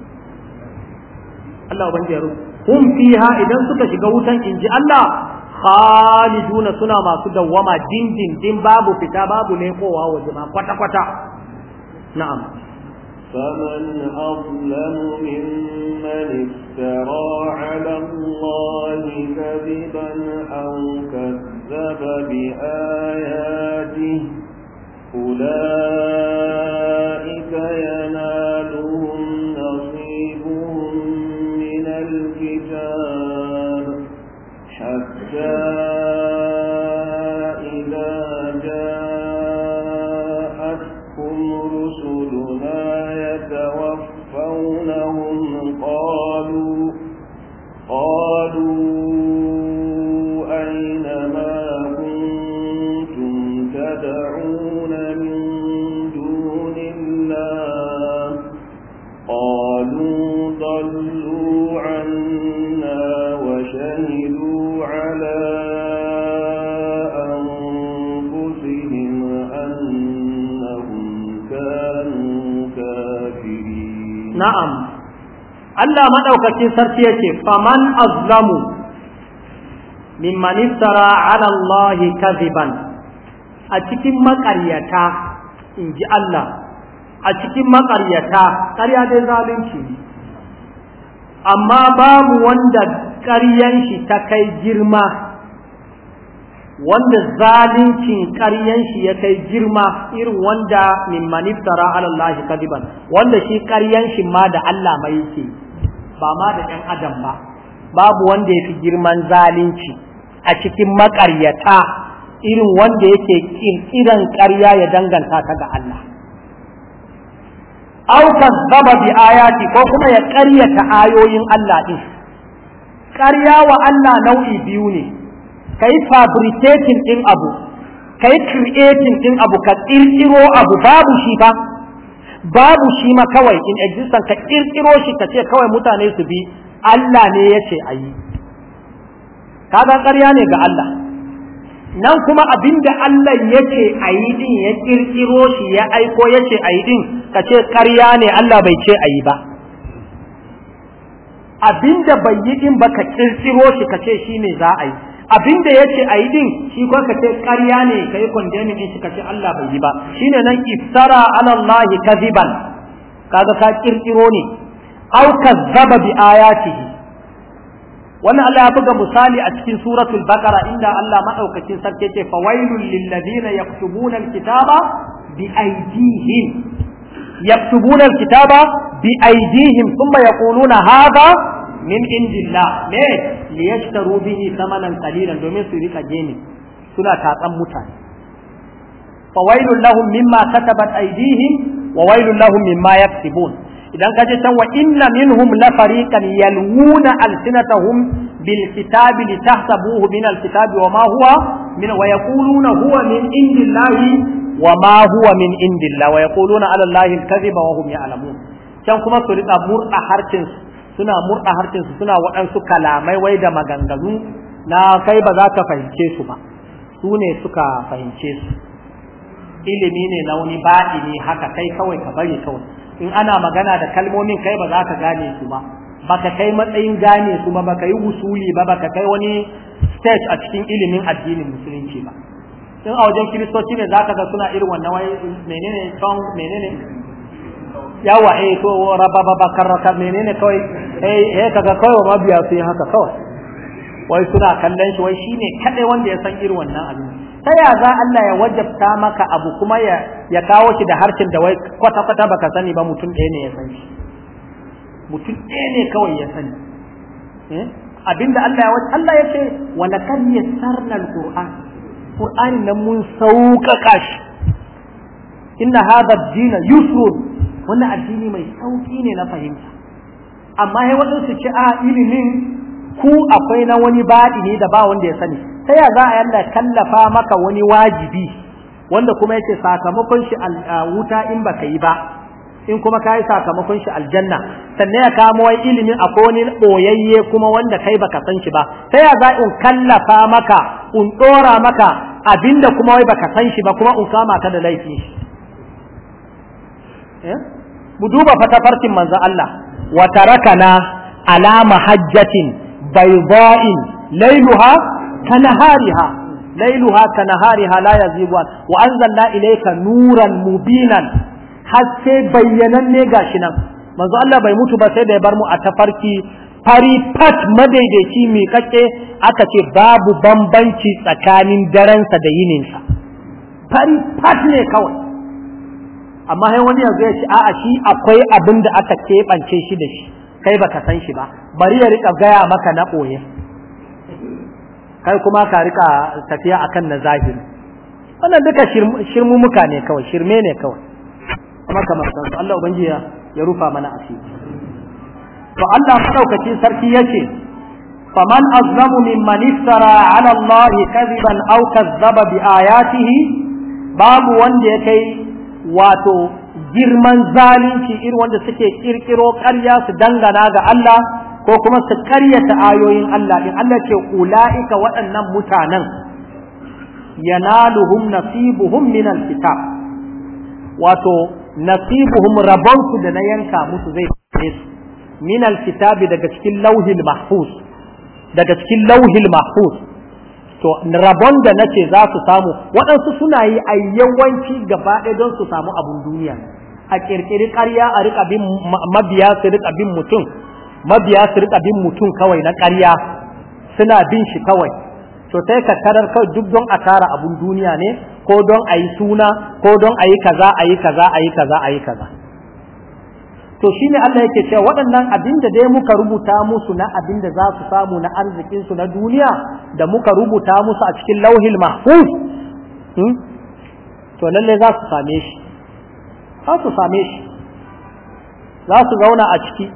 Allah ubangiji ya hum fiha idan suka shiga wutan inji Allah khaliduna suna masu dawwama dindindin babu fita babu lekowa waje ma kwata-kwata na'am فمن أظلم ممن افترى على الله كذبا أو كذب بآياته أولئك ينالهم نصيبهم من حتى إذا جاءتكم رسلنا يتوفونهم قالوا قالوا na'am Allah maɗaukacin sarki yake faman azlamu min manistara alallahi kaziban a cikin makaryata ji Allah a cikin makaryata ƙarya dai zalunci ne amma babu wanda ƙaryan ta kai girma wanda zalincin ƙaryan shi ya kai girma irin wanda min maniftara ala Allah kadiban wanda shi ƙaryan shi ma da Allah mai yake ba ma da ɗan adam ba babu wanda ya fi girman zalunci a cikin maƙaryata irin wanda yake ƙirƙiran ƙarya ya danganta ta ga Allah au kazzaba bi ayati ko kuma ya ƙaryata ayoyin Allah din ƙarya wa Allah nau'i biyu ne ka yi fabricating ɗin abu ka yi creating ɗin abu ka ƙirƙiro abu babu shi fa babu shi ma kawai in existence ka ƙirƙiro shi ka ce kawai mutane su bi Allah ne ya ce a yi ƙarya ne ga Allah nan kuma abin da Allah ya ce a yi din ya ƙirƙiro shi ya aiko ya ce a yi din ka ce ƙarya ne Allah bai ce a yi ba abin da bai yi din ba ka ƙirƙiro shi ka ce shi ne za a yi abin da yace yi din shi ko ka ce ƙarya ne kai condemning din shi ka ce Allah bai yi ba shine nan iftara ala Allah kadiban kaga ka kirkiro ne au kazzaba bi ayatihi wannan Allah ya buga misali a cikin suratul baqara inda Allah madaukakin sarki ce fawailul lil ladina yaktubuna alkitaba bi aydihim yaktubuna alkitaba bi aydihim thumma yaquluna hadha min indillah ne liyashtaru bihi thamanan qalilan domin su rika gene suna tatsan mutane fawailul lahum mimma katabat aydihim wa wailul lahum mimma yaksibun idan kaje je can wa inna minhum la fariqan yalwuna alsinatahum bil kitabi litahsabuhu min al wa ma huwa min wa yaquluna huwa min indillahi wa ma huwa min indillah wa yaquluna ala allahi al wa hum ya'lamun can kuma su rika murda harcin su suna murda harkinsu suna waɗansu kalamai wai da maganganu na kai ba za ka fahimce su ba su ne suka fahimce su ilimi ne na wani baɗi ne haka kai kawai ka bari kawai in ana magana da kalmomin kai ba za ka gane su ba ba ka kai matsayin gane su ba ba ka yi usuli ba ba ka kai wani stage a cikin ilimin addinin musulunci ba in a wajen kiristoci ne za ka ga suna irin wannan wai menene song menene yawa eh to rababa bakarraka menene kawai eh eh kaga kawai mabiya sun haka kawai wai suna kallon shi wai shine kadai wanda ya san irin wannan abin ta ya za Allah ya wajabta maka abu kuma ya ya kawo shi da harshen da wai kwata kwata baka sani ba mutum ɗaya ne ya san shi mutum ɗaya ne kawai ya sani eh, abinda Allah ya wajabta Allah ya ce wa laqad yassarna alquran qur'an nan mun sauka shi inna hadha ad-din yusrun wannan addini mai sauki ne na fahimta amma sai waɗansu ci a ah, ilimin ku akwai na wani baɗi ne da ba wanda ya sani sai ya za a yalla kallafa maka wani wajibi wanda kuma yake sakamakon shi wuta in baka yi ba in kuma kai sakamakon shi aljanna sannan ya kamo wai ilimin a wani boyayye kuma wanda kai baka san shi ba Sai ya za in kallafa maka in ɗora maka abinda kuma wai baka san shi ba kuma in kama ka da laifi eh? mu duba fata farkin manzon Allah wa tarakana ala mahajjatin bayda'in layluha kanahariha layluha kanahariha la yazibu wa anzalna ilayka nuran mubinan bayyananne gashi nan manzo Allah bai mutu ba sai da ya bar mu a tafarki fari fat madaidaici mai kake aka ce babu bambanci tsakanin darensa da yininsa fari fat ne kawai amma sai wani yanzu ya ce a'a shi akwai abin da aka keɓance shi da shi kai baka san shi ba bari ya rika gaya maka na ɓoye kai kuma ka rika tafiya akan na zahiri wannan duka shirmu muka ne kawai shirme ne kawai kuma kamar su Allah ubangiji ya rufa mana asiri to Allah madaukakin sarki yace faman azlamu mimman istara ala Allah kadiban aw kazzaba bi ayatihi babu wanda ya kai wato girman zalunci irin wanda suke kirkiro ƙarya su dangana ga Allah ko kuma su ƙaryata ayoyin Allah in Allah ce ula'ika waɗannan mutanen yanaluhum nasibuhum min alkitab wato nasibuhum rabonsu da na yanka musu zai ne su min alkitab daga cikin lauhil mahfuz daga cikin lauhil mahfuz to rabon da nace za su samu waɗansu suna yi a yawanci gaba ɗaya don su samu abin duniya a ƙirƙiri ƙarya a riƙa bin mabiya su riƙa bin mutum mabiya su riƙa bin mutum kawai na ƙarya suna bin shi kawai to sai ka tarar kawai duk don a tara abin duniya ne ko don a yi suna ko don a yi kaza a yi kaza a yi kaza a yi kaza to ne Allah yake cewa waɗannan abin da dai muka rubuta musu na abin da za su samu na arzikinsu na duniya da muka rubuta musu a cikin lauhil mahfuz hmm? to lalle za su same shi za su same shi za su zauna a ciki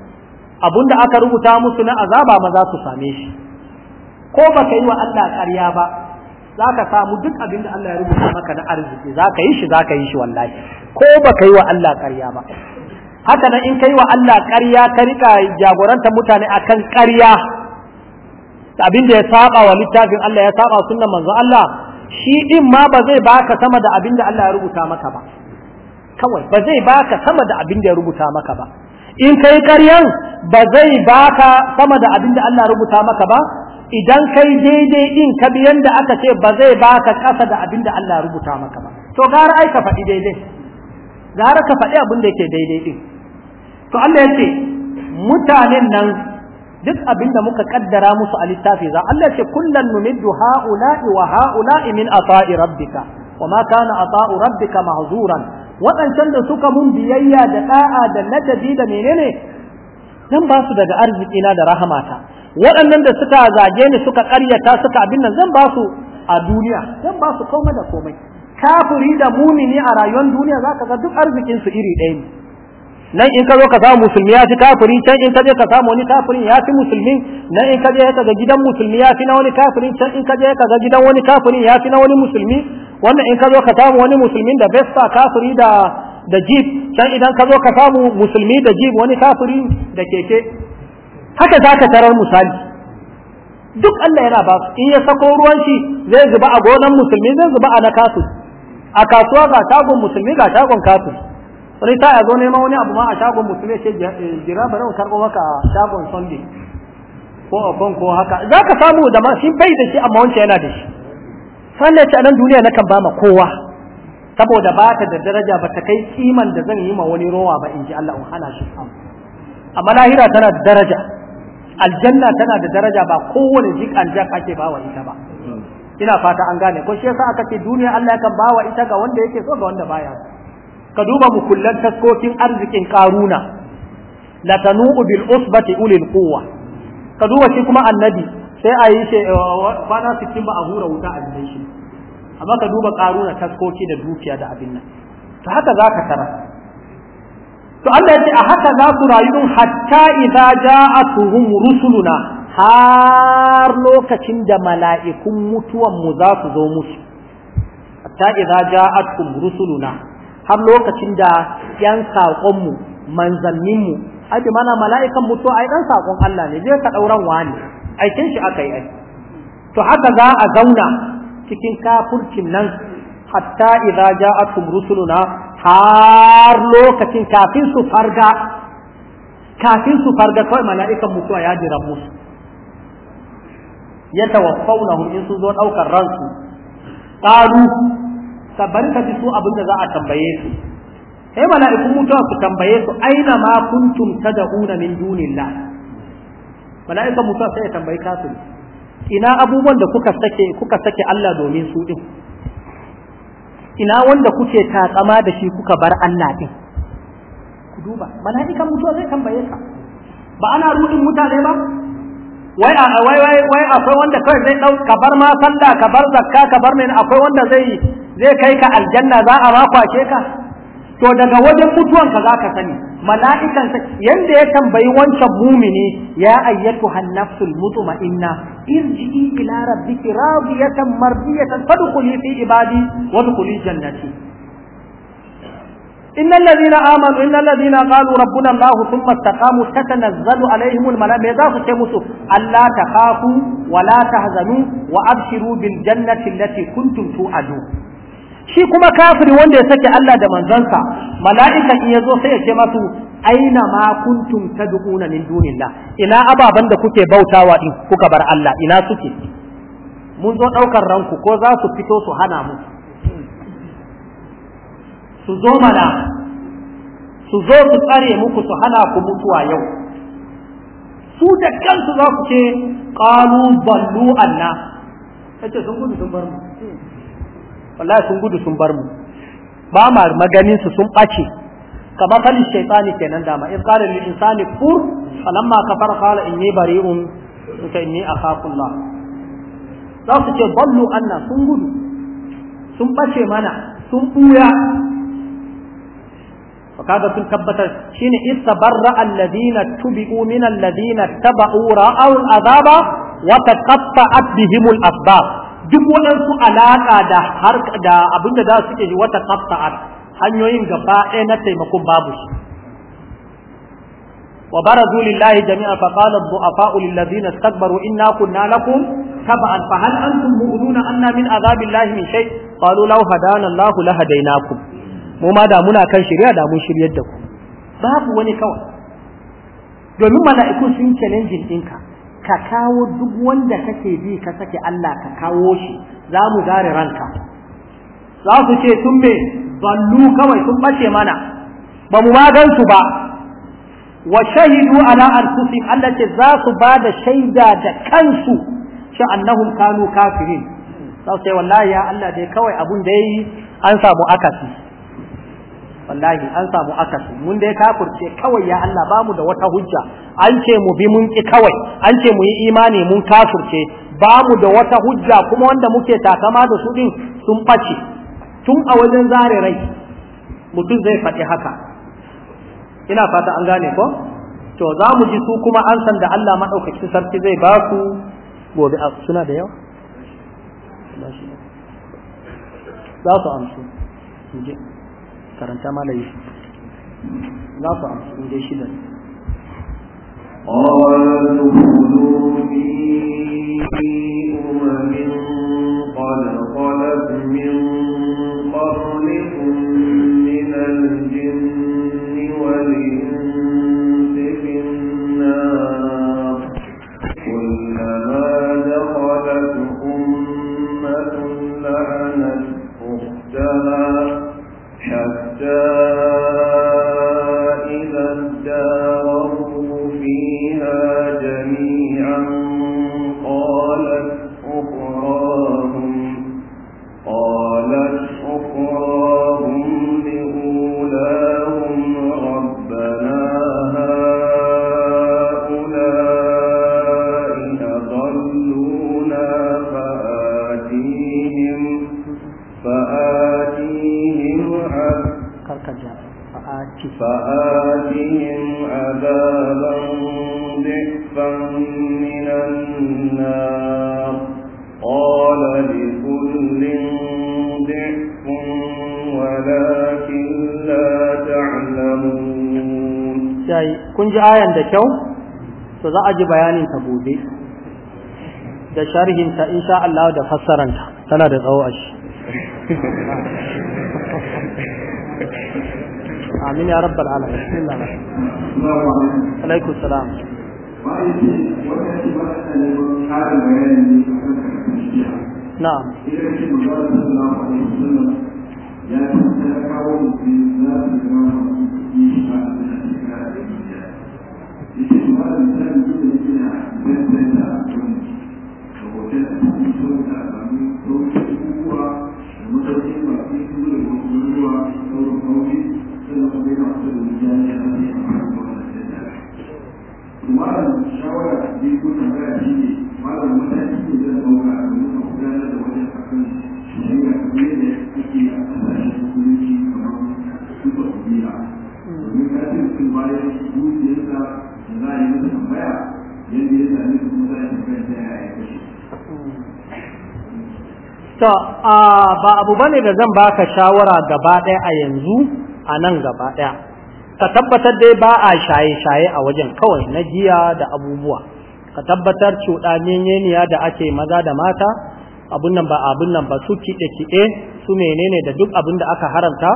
abin da aka rubuta musu na azaba ma za su same shi ko baka yi wa Allah ƙarya ba za ka samu duk abin da Allah ya rubuta maka na arziki za ka yi shi za ka yi shi wallahi ko baka yi wa Allah ƙarya ba haka nan in kai wa Allah ƙarya ka rika jagorantar mutane akan ƙarya abin da ya saba wa littafin Allah ya saba sunnan manzon Allah shi din ma ba zai baka sama da abin da Allah ya rubuta maka ba kawai ba zai baka sama da abin da ya rubuta maka ba in kai ƙaryan ba zai baka sama da abin da Allah rubuta maka ba idan kai daidai din ka bi yanda aka ce ba zai baka ƙasa da abin da Allah rubuta maka ba to gara ai ka faɗi daidai gara ka faɗi abin da yake daidai ɗin. to Allah ya ce mutanen nan duk abin da muka kaddara musu a littafi za Allah ya ce kullan numiddu ha'ula'i wa ha'ula'i min ata'i rabbika wa ma kana ata'u rabbika mahzuran waɗancan da suka mun biyayya da da'a da ladabi da menene nan ba su daga arzikina da rahamata waɗannan da suka zage ni suka ƙaryata suka abin nan zan ba su a duniya zan ba su komai da komai kafiri da mumini a rayuwar duniya za ka ga duk arzikin su iri ɗaya ne nan in ka zo ka samu musulmi ya fi kafiri can in ka je ka samu wani kafirin ya fi musulmi nan in ka je ka ga gidan musulmi ya fi na wani kafirin can in ka je ka ga gidan wani kafirin ya fi na wani musulmi wannan in ka zo ka samu wani musulmin da besta kafiri da da jeep can idan ka zo ka samu musulmi da jeep wani kafiri da keke haka za ka tarar misali duk Allah yana ba su in ya sako ruwan shi zai zuba a gonan musulmi zai zuba a na kafiri a kasuwa ga shagon musulmi ga shagon kafir wani ta ya zo nema wani abu ma a shagon musulmi ce jira eh, bari mu karɓo maka a shagon sunday ko a ko haka za ka samu da ma shin bai da shi amma wancan yana da shi sannan ce a nan duniya nakan ba ma kowa saboda ba ta da daraja ba ta kai kiman da zan yi ma wani rowa ba in ji Allah in hana shi samu amma lahira tana da daraja aljanna tana da daraja ba kowane jikan jaka ake ba wa ita ba ina fata an gane ko shi yasa aka ce duniya Allah yakan bawa ita ga wanda yake so ga wanda baya ka duba mukullan taskokin arzikin karuna latanu'u bil usbati ulil quwwa ka duba shi kuma annabi sai a yi eh, kwana sittin ba a hura wuta a jikin shi amma ka duba karuna taskoki da dukiya da abin nan to haka za ka tara to Allah ya ce a haka za su rayu hatta idza ja'atuhum rusuluna har lokacin da mala'ikun mutuwan mu za su zo musu hatta idza ja'atkum rusuluna har lokacin da yan saƙonmu manzanninmu, manzannin mana mala'ikan mutuwa yi ɗan saƙon Allah ne zai ka ɗauran, wani aikin shi aka yi aiki, to haka za a zauna cikin kafurcin nan hatta idza ja'atkum rusuluna har lokacin kafin su farga kafin su farga kawai mala'ikan mutuwa ya jira musu yatawaffawnahum in sun zo daukar ransu qalu saban ka su abin da za a tambaye su sai eh, mala'ikun mutuwa su tambaye su aina ma kuntum tad'una min dunillah mala'ikan mutuwa sai ya tambayi kafiri ina abubuwan da kuka sake kuka sake Allah domin su din ina wanda kuke tatsama da shi kuka bar Allah din ku duba mala'ikan mutuwa zai tambaye ka ba ana rudin mutane ba wai wai wai wai akwai wanda kai zai dau kabar ma zakka kabar bar akwai wanda zai zai kai ka aljanna za a ma kwace ka to daga wajen mutuwan ka zaka sani mala'ikan sa yanda ya tambayi wancan mumini ya ayyatu hannafsul mutma'inna irji'i ila rabbiki radiyatan mardiyatan fadkhuli fi ibadi wa dkhuli jannati إن الذين آمنوا إن الذين قالوا ربنا الله ثم استقاموا تتنزل عليهم الملائكة تمسوا ألا تخافوا ولا تحزنوا وأبشروا بالجنة التي كنتم توعدون shi kuma kafin wanda ya sake Allah da manzansa mala'ikan in zo sai ya ce masu aina ma ta tad'una min dunillah ina ababan da kuke bautawa din kuka bar Allah ina suke mun zo ranku ko za su fito su hana mu su zo mana su zo su tsare muku su hana ku mutuwa yau su da kansu za ku ce qalu ballu anna kace sun gudu sun bar mu wallahi sun gudu sun bar mu ba ma maganin su sun bace kama kalin shaytani kenan dama in qala lil insani kufur falamma kafara qala inni bari'un ka inni allah za su ce ballu anna sun gudu sun bace mana sun buya وكذا سن كبتا شين استبرا الذين تبعوا من الذين تبعوا راوا العذاب وتقطعت بهم الاسباب duk waɗansu alaƙa da har da abin da za su wata kafta'ar hanyoyin gaba na taimakon babu shi wa barazu lillahi jami'a fa qala du'afa'u lil ladina istakbaru inna kunna lakum tab'an fa hal antum mu'minuna anna min azabillahi min shay qalu law hadana allah la hadainakum mu ma da muna kan shirya da mu shiryar da ku babu wani kawai domin mala'iku sun challenge ɗinka ka kawo duk wanda kake bi ka sake Allah ka kawo shi za mu gare ranka za su ce sun me ballu kawai sun bace mana ba mu ma gansu ba wa shahidu ala anfusihim Allah ce za su ba da shaida da kansu shi annahum kanu kafirin sai wallahi ya Allah dai kawai abun da yayi an samu akasi wallahi an samu akasi mun dai kafirce kawai ya Allah bamu da wata hujja an ce mu bi mun ki kawai an ce mu yi imani mun kafirce bamu da wata hujja kuma wanda muke takama da su din sun face tun a wajen zare rai mutum zai faɗi haka ina fata an gane ko to za mu ji su kuma an san da Allah maɗaukakin sarki zai ba su gobe a suna da yawa za su amsu karanta malami za ku amfani dai shida قال ادخلوا في أمم قد من من الجن في النار كلما دخلت أمة لعنت أختها حتى إذا da fa'ati fa'atihim azaban dhifan minan nar qala li kullin dhifun walakin la ta'lamun sai kun ji ayan da kyau to za a ji bayanin ta gobe da sharhinta insha Allah da fassaranta tana da tsawo a shi amin ya rabbal alamin bismillah alaikum salam na'am Thank you. malam shawara ne ko tambaya shi ne malam mataki ne zan dauka domin a da wajen akan shari'a kamar yadda ake a kasashen kamar su saudiya domin ka ce da za a yi masa tambaya ya a yi to ba abu bane da zan baka shawara gaba ɗaya a yanzu a nan gaba ɗaya ka tabbatar dai ba a shaye-shaye a wajen kawai na giya da abubuwa ka tabbatar cuɗaniyeniya da ake maza da mata abun nan ba abun nan ba su kiɗe-kiɗe su menene da duk abin da aka haramta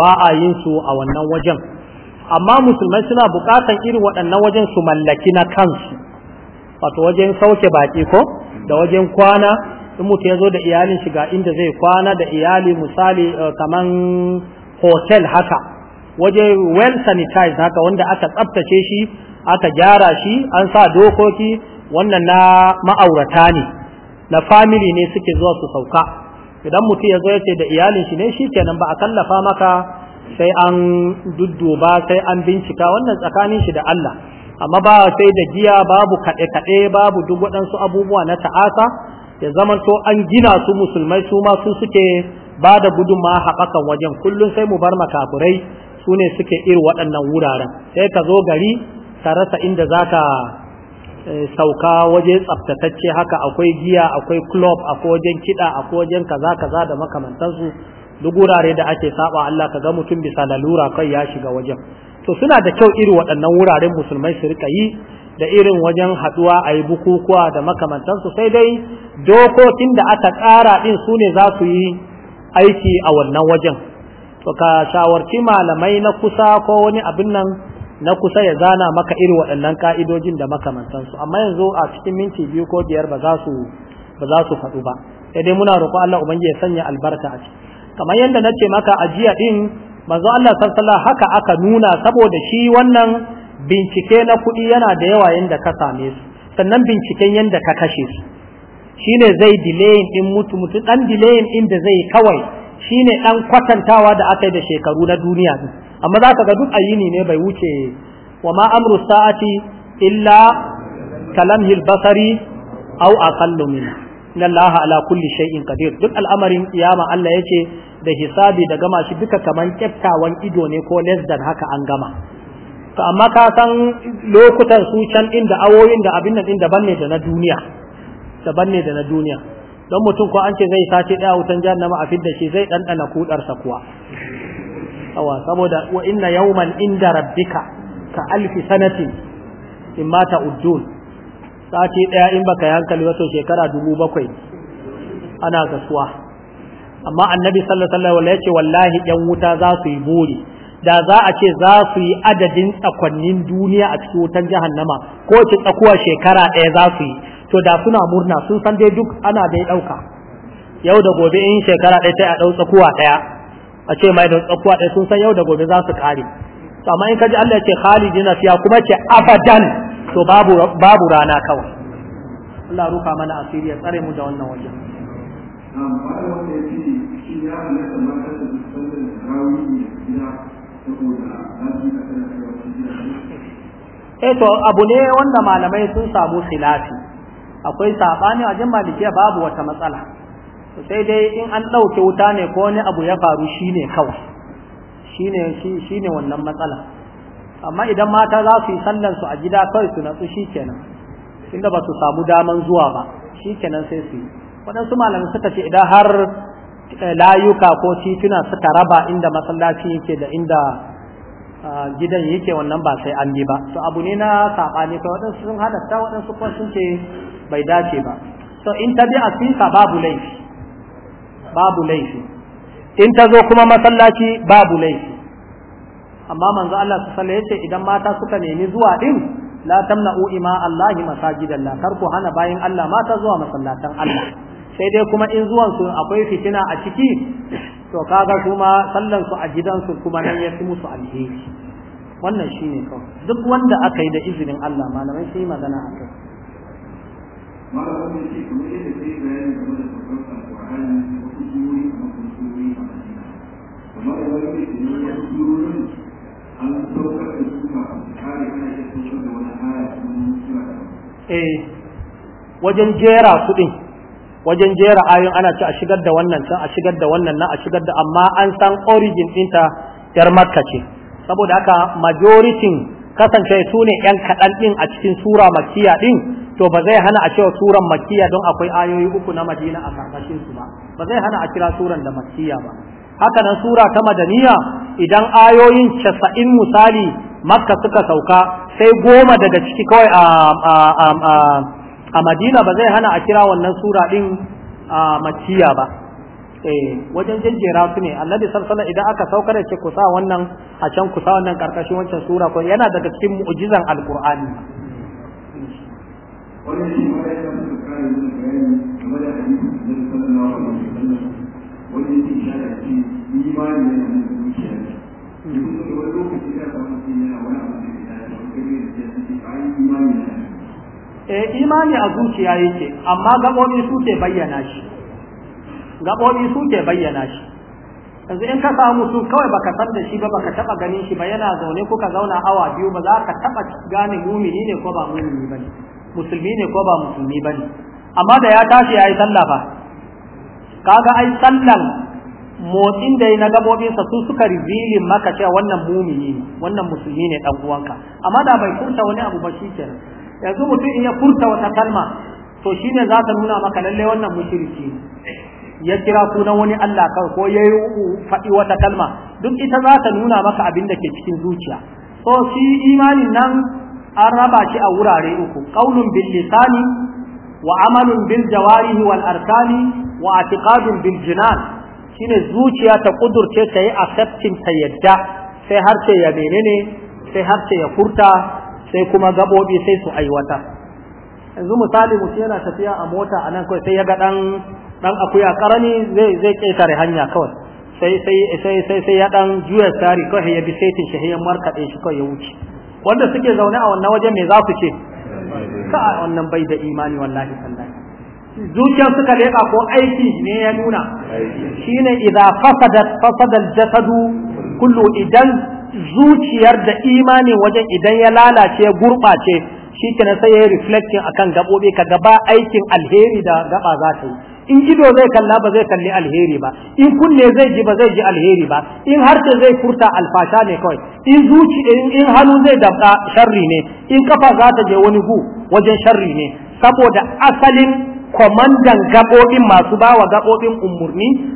ba a yin su a wannan wajen amma musulmai suna buƙatar irin waɗannan wajen su mallaki na kansu wato wajen sauke baƙi ko da wajen kwana in mutum ya zo da iyalin shiga inda zai kwana da iyali misali eh, kaman hotel haka waje well sanitized haka wanda aka tsabtace shi aka gyara shi an sa dokoki wannan na ma'aurata ne na family ne suke zuwa su sauka idan mutum ya zo ya ce da iyalin shi ne shikenan ba a kallafa maka sai an duddu ba, sai an bincika wannan tsakanin shi da Allah amma ba sai da giya babu kaɗe-kaɗe babu duk waɗansu abubuwa na ta'asa ya zamanto an gina su musulmai su ma su suke ba da gudunma haɓakan wajen kullum sai mu bar makafurai su ne suke iri waɗannan wuraren sai ka zo gari ka rasa inda za ka eh, sauka waje tsaftatacce haka akwai giya akwai club akwai wajen kiɗa akwai wajen kaza kaza da makamantansu duk wurare da ake saɓa Allah ka ga mutum bisa lalura kai ya shiga wajen to suna da kyau iri waɗannan wuraren musulmai su rika yi da irin wajen haduwa a yi bukukuwa da makamantansu sai dai dokokin da aka tsara din su ne za su yi aiki a wannan wajen to ka shawarci malamai na kusa ko wani abin nan na kusa ya zana maka irin waɗannan ka'idojin da makamantansu amma yanzu a cikin minti biyu ko biyar ba za su ba za faɗu ba sai dai muna roƙo Allah ubangiji ya sanya albarka a ciki kamar yadda na ce maka ajiya din manzo Allah sallallahu haka aka nuna saboda shi wannan bincike na kuɗi yana da yawa yadda ka same su sannan binciken yadda ka kashe su shine zai dileyin din mutu mutu dan dileyin din da zai kawai shine dan kwatantawa da aka yi da shekaru na duniya amma za ka ga duk ayini ne bai wuce wa ma amru sa'ati illa kalamhil basari aw aqallu min inna allaha ala kulli shay'in qadir duk al'amarin kiyama Allah yace da hisabi da gama shi duka kaman kyaftawan ido ne ko less than haka an gama to amma ka san lokutan su can inda awoyin da abin nan daban ne da na duniya daban ne da na duniya don mutum ko an ce zai sace daya wutan jahannama a fidda shi zai ɗanɗana kudarsa kuwa awa saboda wa inna yawman inda rabbika ka alfi sanatin in ma Udun, sati daya in baka yankali wato shekara dubu bakwai ana gasuwa amma annabi sallallahu alaihi wasallam yace wallahi yan wuta za su yi buri da za a ce za su yi adadin tsakonnin duniya a cikin wutan jahannama ko ci tsakuwa shekara ɗaya za su yi to da suna murna sun san dai duk ana dai ɗauka yau da gobe in shekara ɗaya ta yi a ɗau tsakuwa ɗaya a ce mai da tsakuwa ɗaya sun san yau da gobe za su ƙare to amma in ka ji Allah ya ce khalidina siya kuma ce abadan to babu babu rana kawai Allah ruka mana asiri ya tsare mu da wannan wajen na'am wanda ya ce shi ya halatta mata da su san da rawi ne eh to abu ne wanda malamai sun samu khilafi akwai sabani a jin malikiya babu wata matsala sai dai in an ɗauke wuta ne ko wani abu ya faru shine kawai shine shine wannan matsala amma idan mata za su yi sallar su a gida kawai su natsu shikenan inda ba su samu daman zuwa ba shikenan sai su yi waɗansu malamai suka ce idan har eh, layuka ko tituna suka raba inda masallaci yake da inda gidan yake wannan ba sai an bi ba to abu ne na saɓani kai waɗansu sun ta waɗansu kuma sun ce bai dace ba to in ta bi cikin babu laifi babu laifi in ta zo kuma masallaci babu laifi amma manzo Allah su ya ce idan mata suka nemi zuwa din la tamna'u ima allah masajidan la kar hana bayin Allah mata zuwa masallatan Allah sai dai kuma in zuwan su akwai fitina a ciki to kaga kuma sallan su a gidansu kuma nan ya fi musu alheri wannan shine kawai duk wanda aka yi da izinin Allah malamai sai magana a kai Eh, wajen gera kuɗin wajen jera ayon ana ci a shigar da wannan can a shigar da wannan na a shigar da amma an san origin dinta yar makka ce saboda haka majoritin kasance su ne yan kaɗan ɗin a cikin sura makkiya ɗin to ba zai hana a cewa suran makkiya don akwai ayoyi uku na madina a karkashin su ba ba zai hana a kira suran da makkiya ba haka nan sura ta madaniya idan ayoyin casa'in misali makka suka sauka sai goma daga ciki kawai a a madina ba zai hana a kira wannan sura din a maciya ba eh wajen jinjera su ne annabi sallallahu idan aka saukar da ce kusa wannan a can kusa wannan karkashin wancan sura ko yana daga cikin mu'jizan alqur'ani wannan shi ne ya samu karin bayani game da hadisi da sallallahu alaihi wasallam wanda yake shara ce imani yana da zuciya ne kuma wani lokaci ya da yana wani abu da ya samu kai da ya ce ai imani yana eh imani a zuciya yake amma su suke bayyana shi su suke bayyana shi yanzu in ka samu su kawai baka san da shi ba baka taba ganin shi ba yana zaune kuka zauna awa biyu ba za ka taba gane mumini ne ko ba mumini bane musulmi ne ko ba musulmi bane amma da ya tashi yayi sallah ba kaga ai sallan motsin da na gabobin sa su suka rizilin maka cewa wannan mumini ne wannan musulmi ne dan uwanka amma da bai furta wani abu ba shi kenan yanzu mutum in ya furta wata kalma to shine za ta nuna maka lalle wannan mushriki ya kira sunan wani Allah kawai ko ya faɗi wata kalma duk ita za ta nuna maka abin da ke cikin zuciya so shi imanin nan an raba shi a wurare uku qaulun bil lisani wa amalun bil jawarihi wal arkani wa i'tiqadun bil jinan shine zuciya ta kudurce ta yi accepting ta yadda sai har ce ya menene sai har ce ya furta sai kuma gabobi sai su aiwata yanzu misali mutum yana tafiya a mota a nan kawai sai ya ga dan dan akuya karami zai zai kaitare hanya kawai sai sai sai sai sai ya dan juya tsari kawai ya bi saitin shi ya markade shi kawai ya wuce wanda suke zaune a wannan waje me za su ce ka a wannan bai da imani wallahi sallahi zuciyar suka leka ko aiki ne ya nuna shine idza fasada al jasadu kullu idan zuciyar da imani wajen idan ya lalace ya gurɓace shi na sai ya yi reflecting kan gaɓoɓi ka gaba aikin alheri da gaba za ta yi in ido zai kalla ba zai kalli alheri ba in kunne zai ji ba zai ji alheri ba in harshe zai furta alfasha ne kawai in zuci in hannu zai damɗa sharri ne in kafa za ta je wani gu wajen sharri ne saboda asalin kwamandan gaɓoɓin masu bawa gaɓoɓin umurni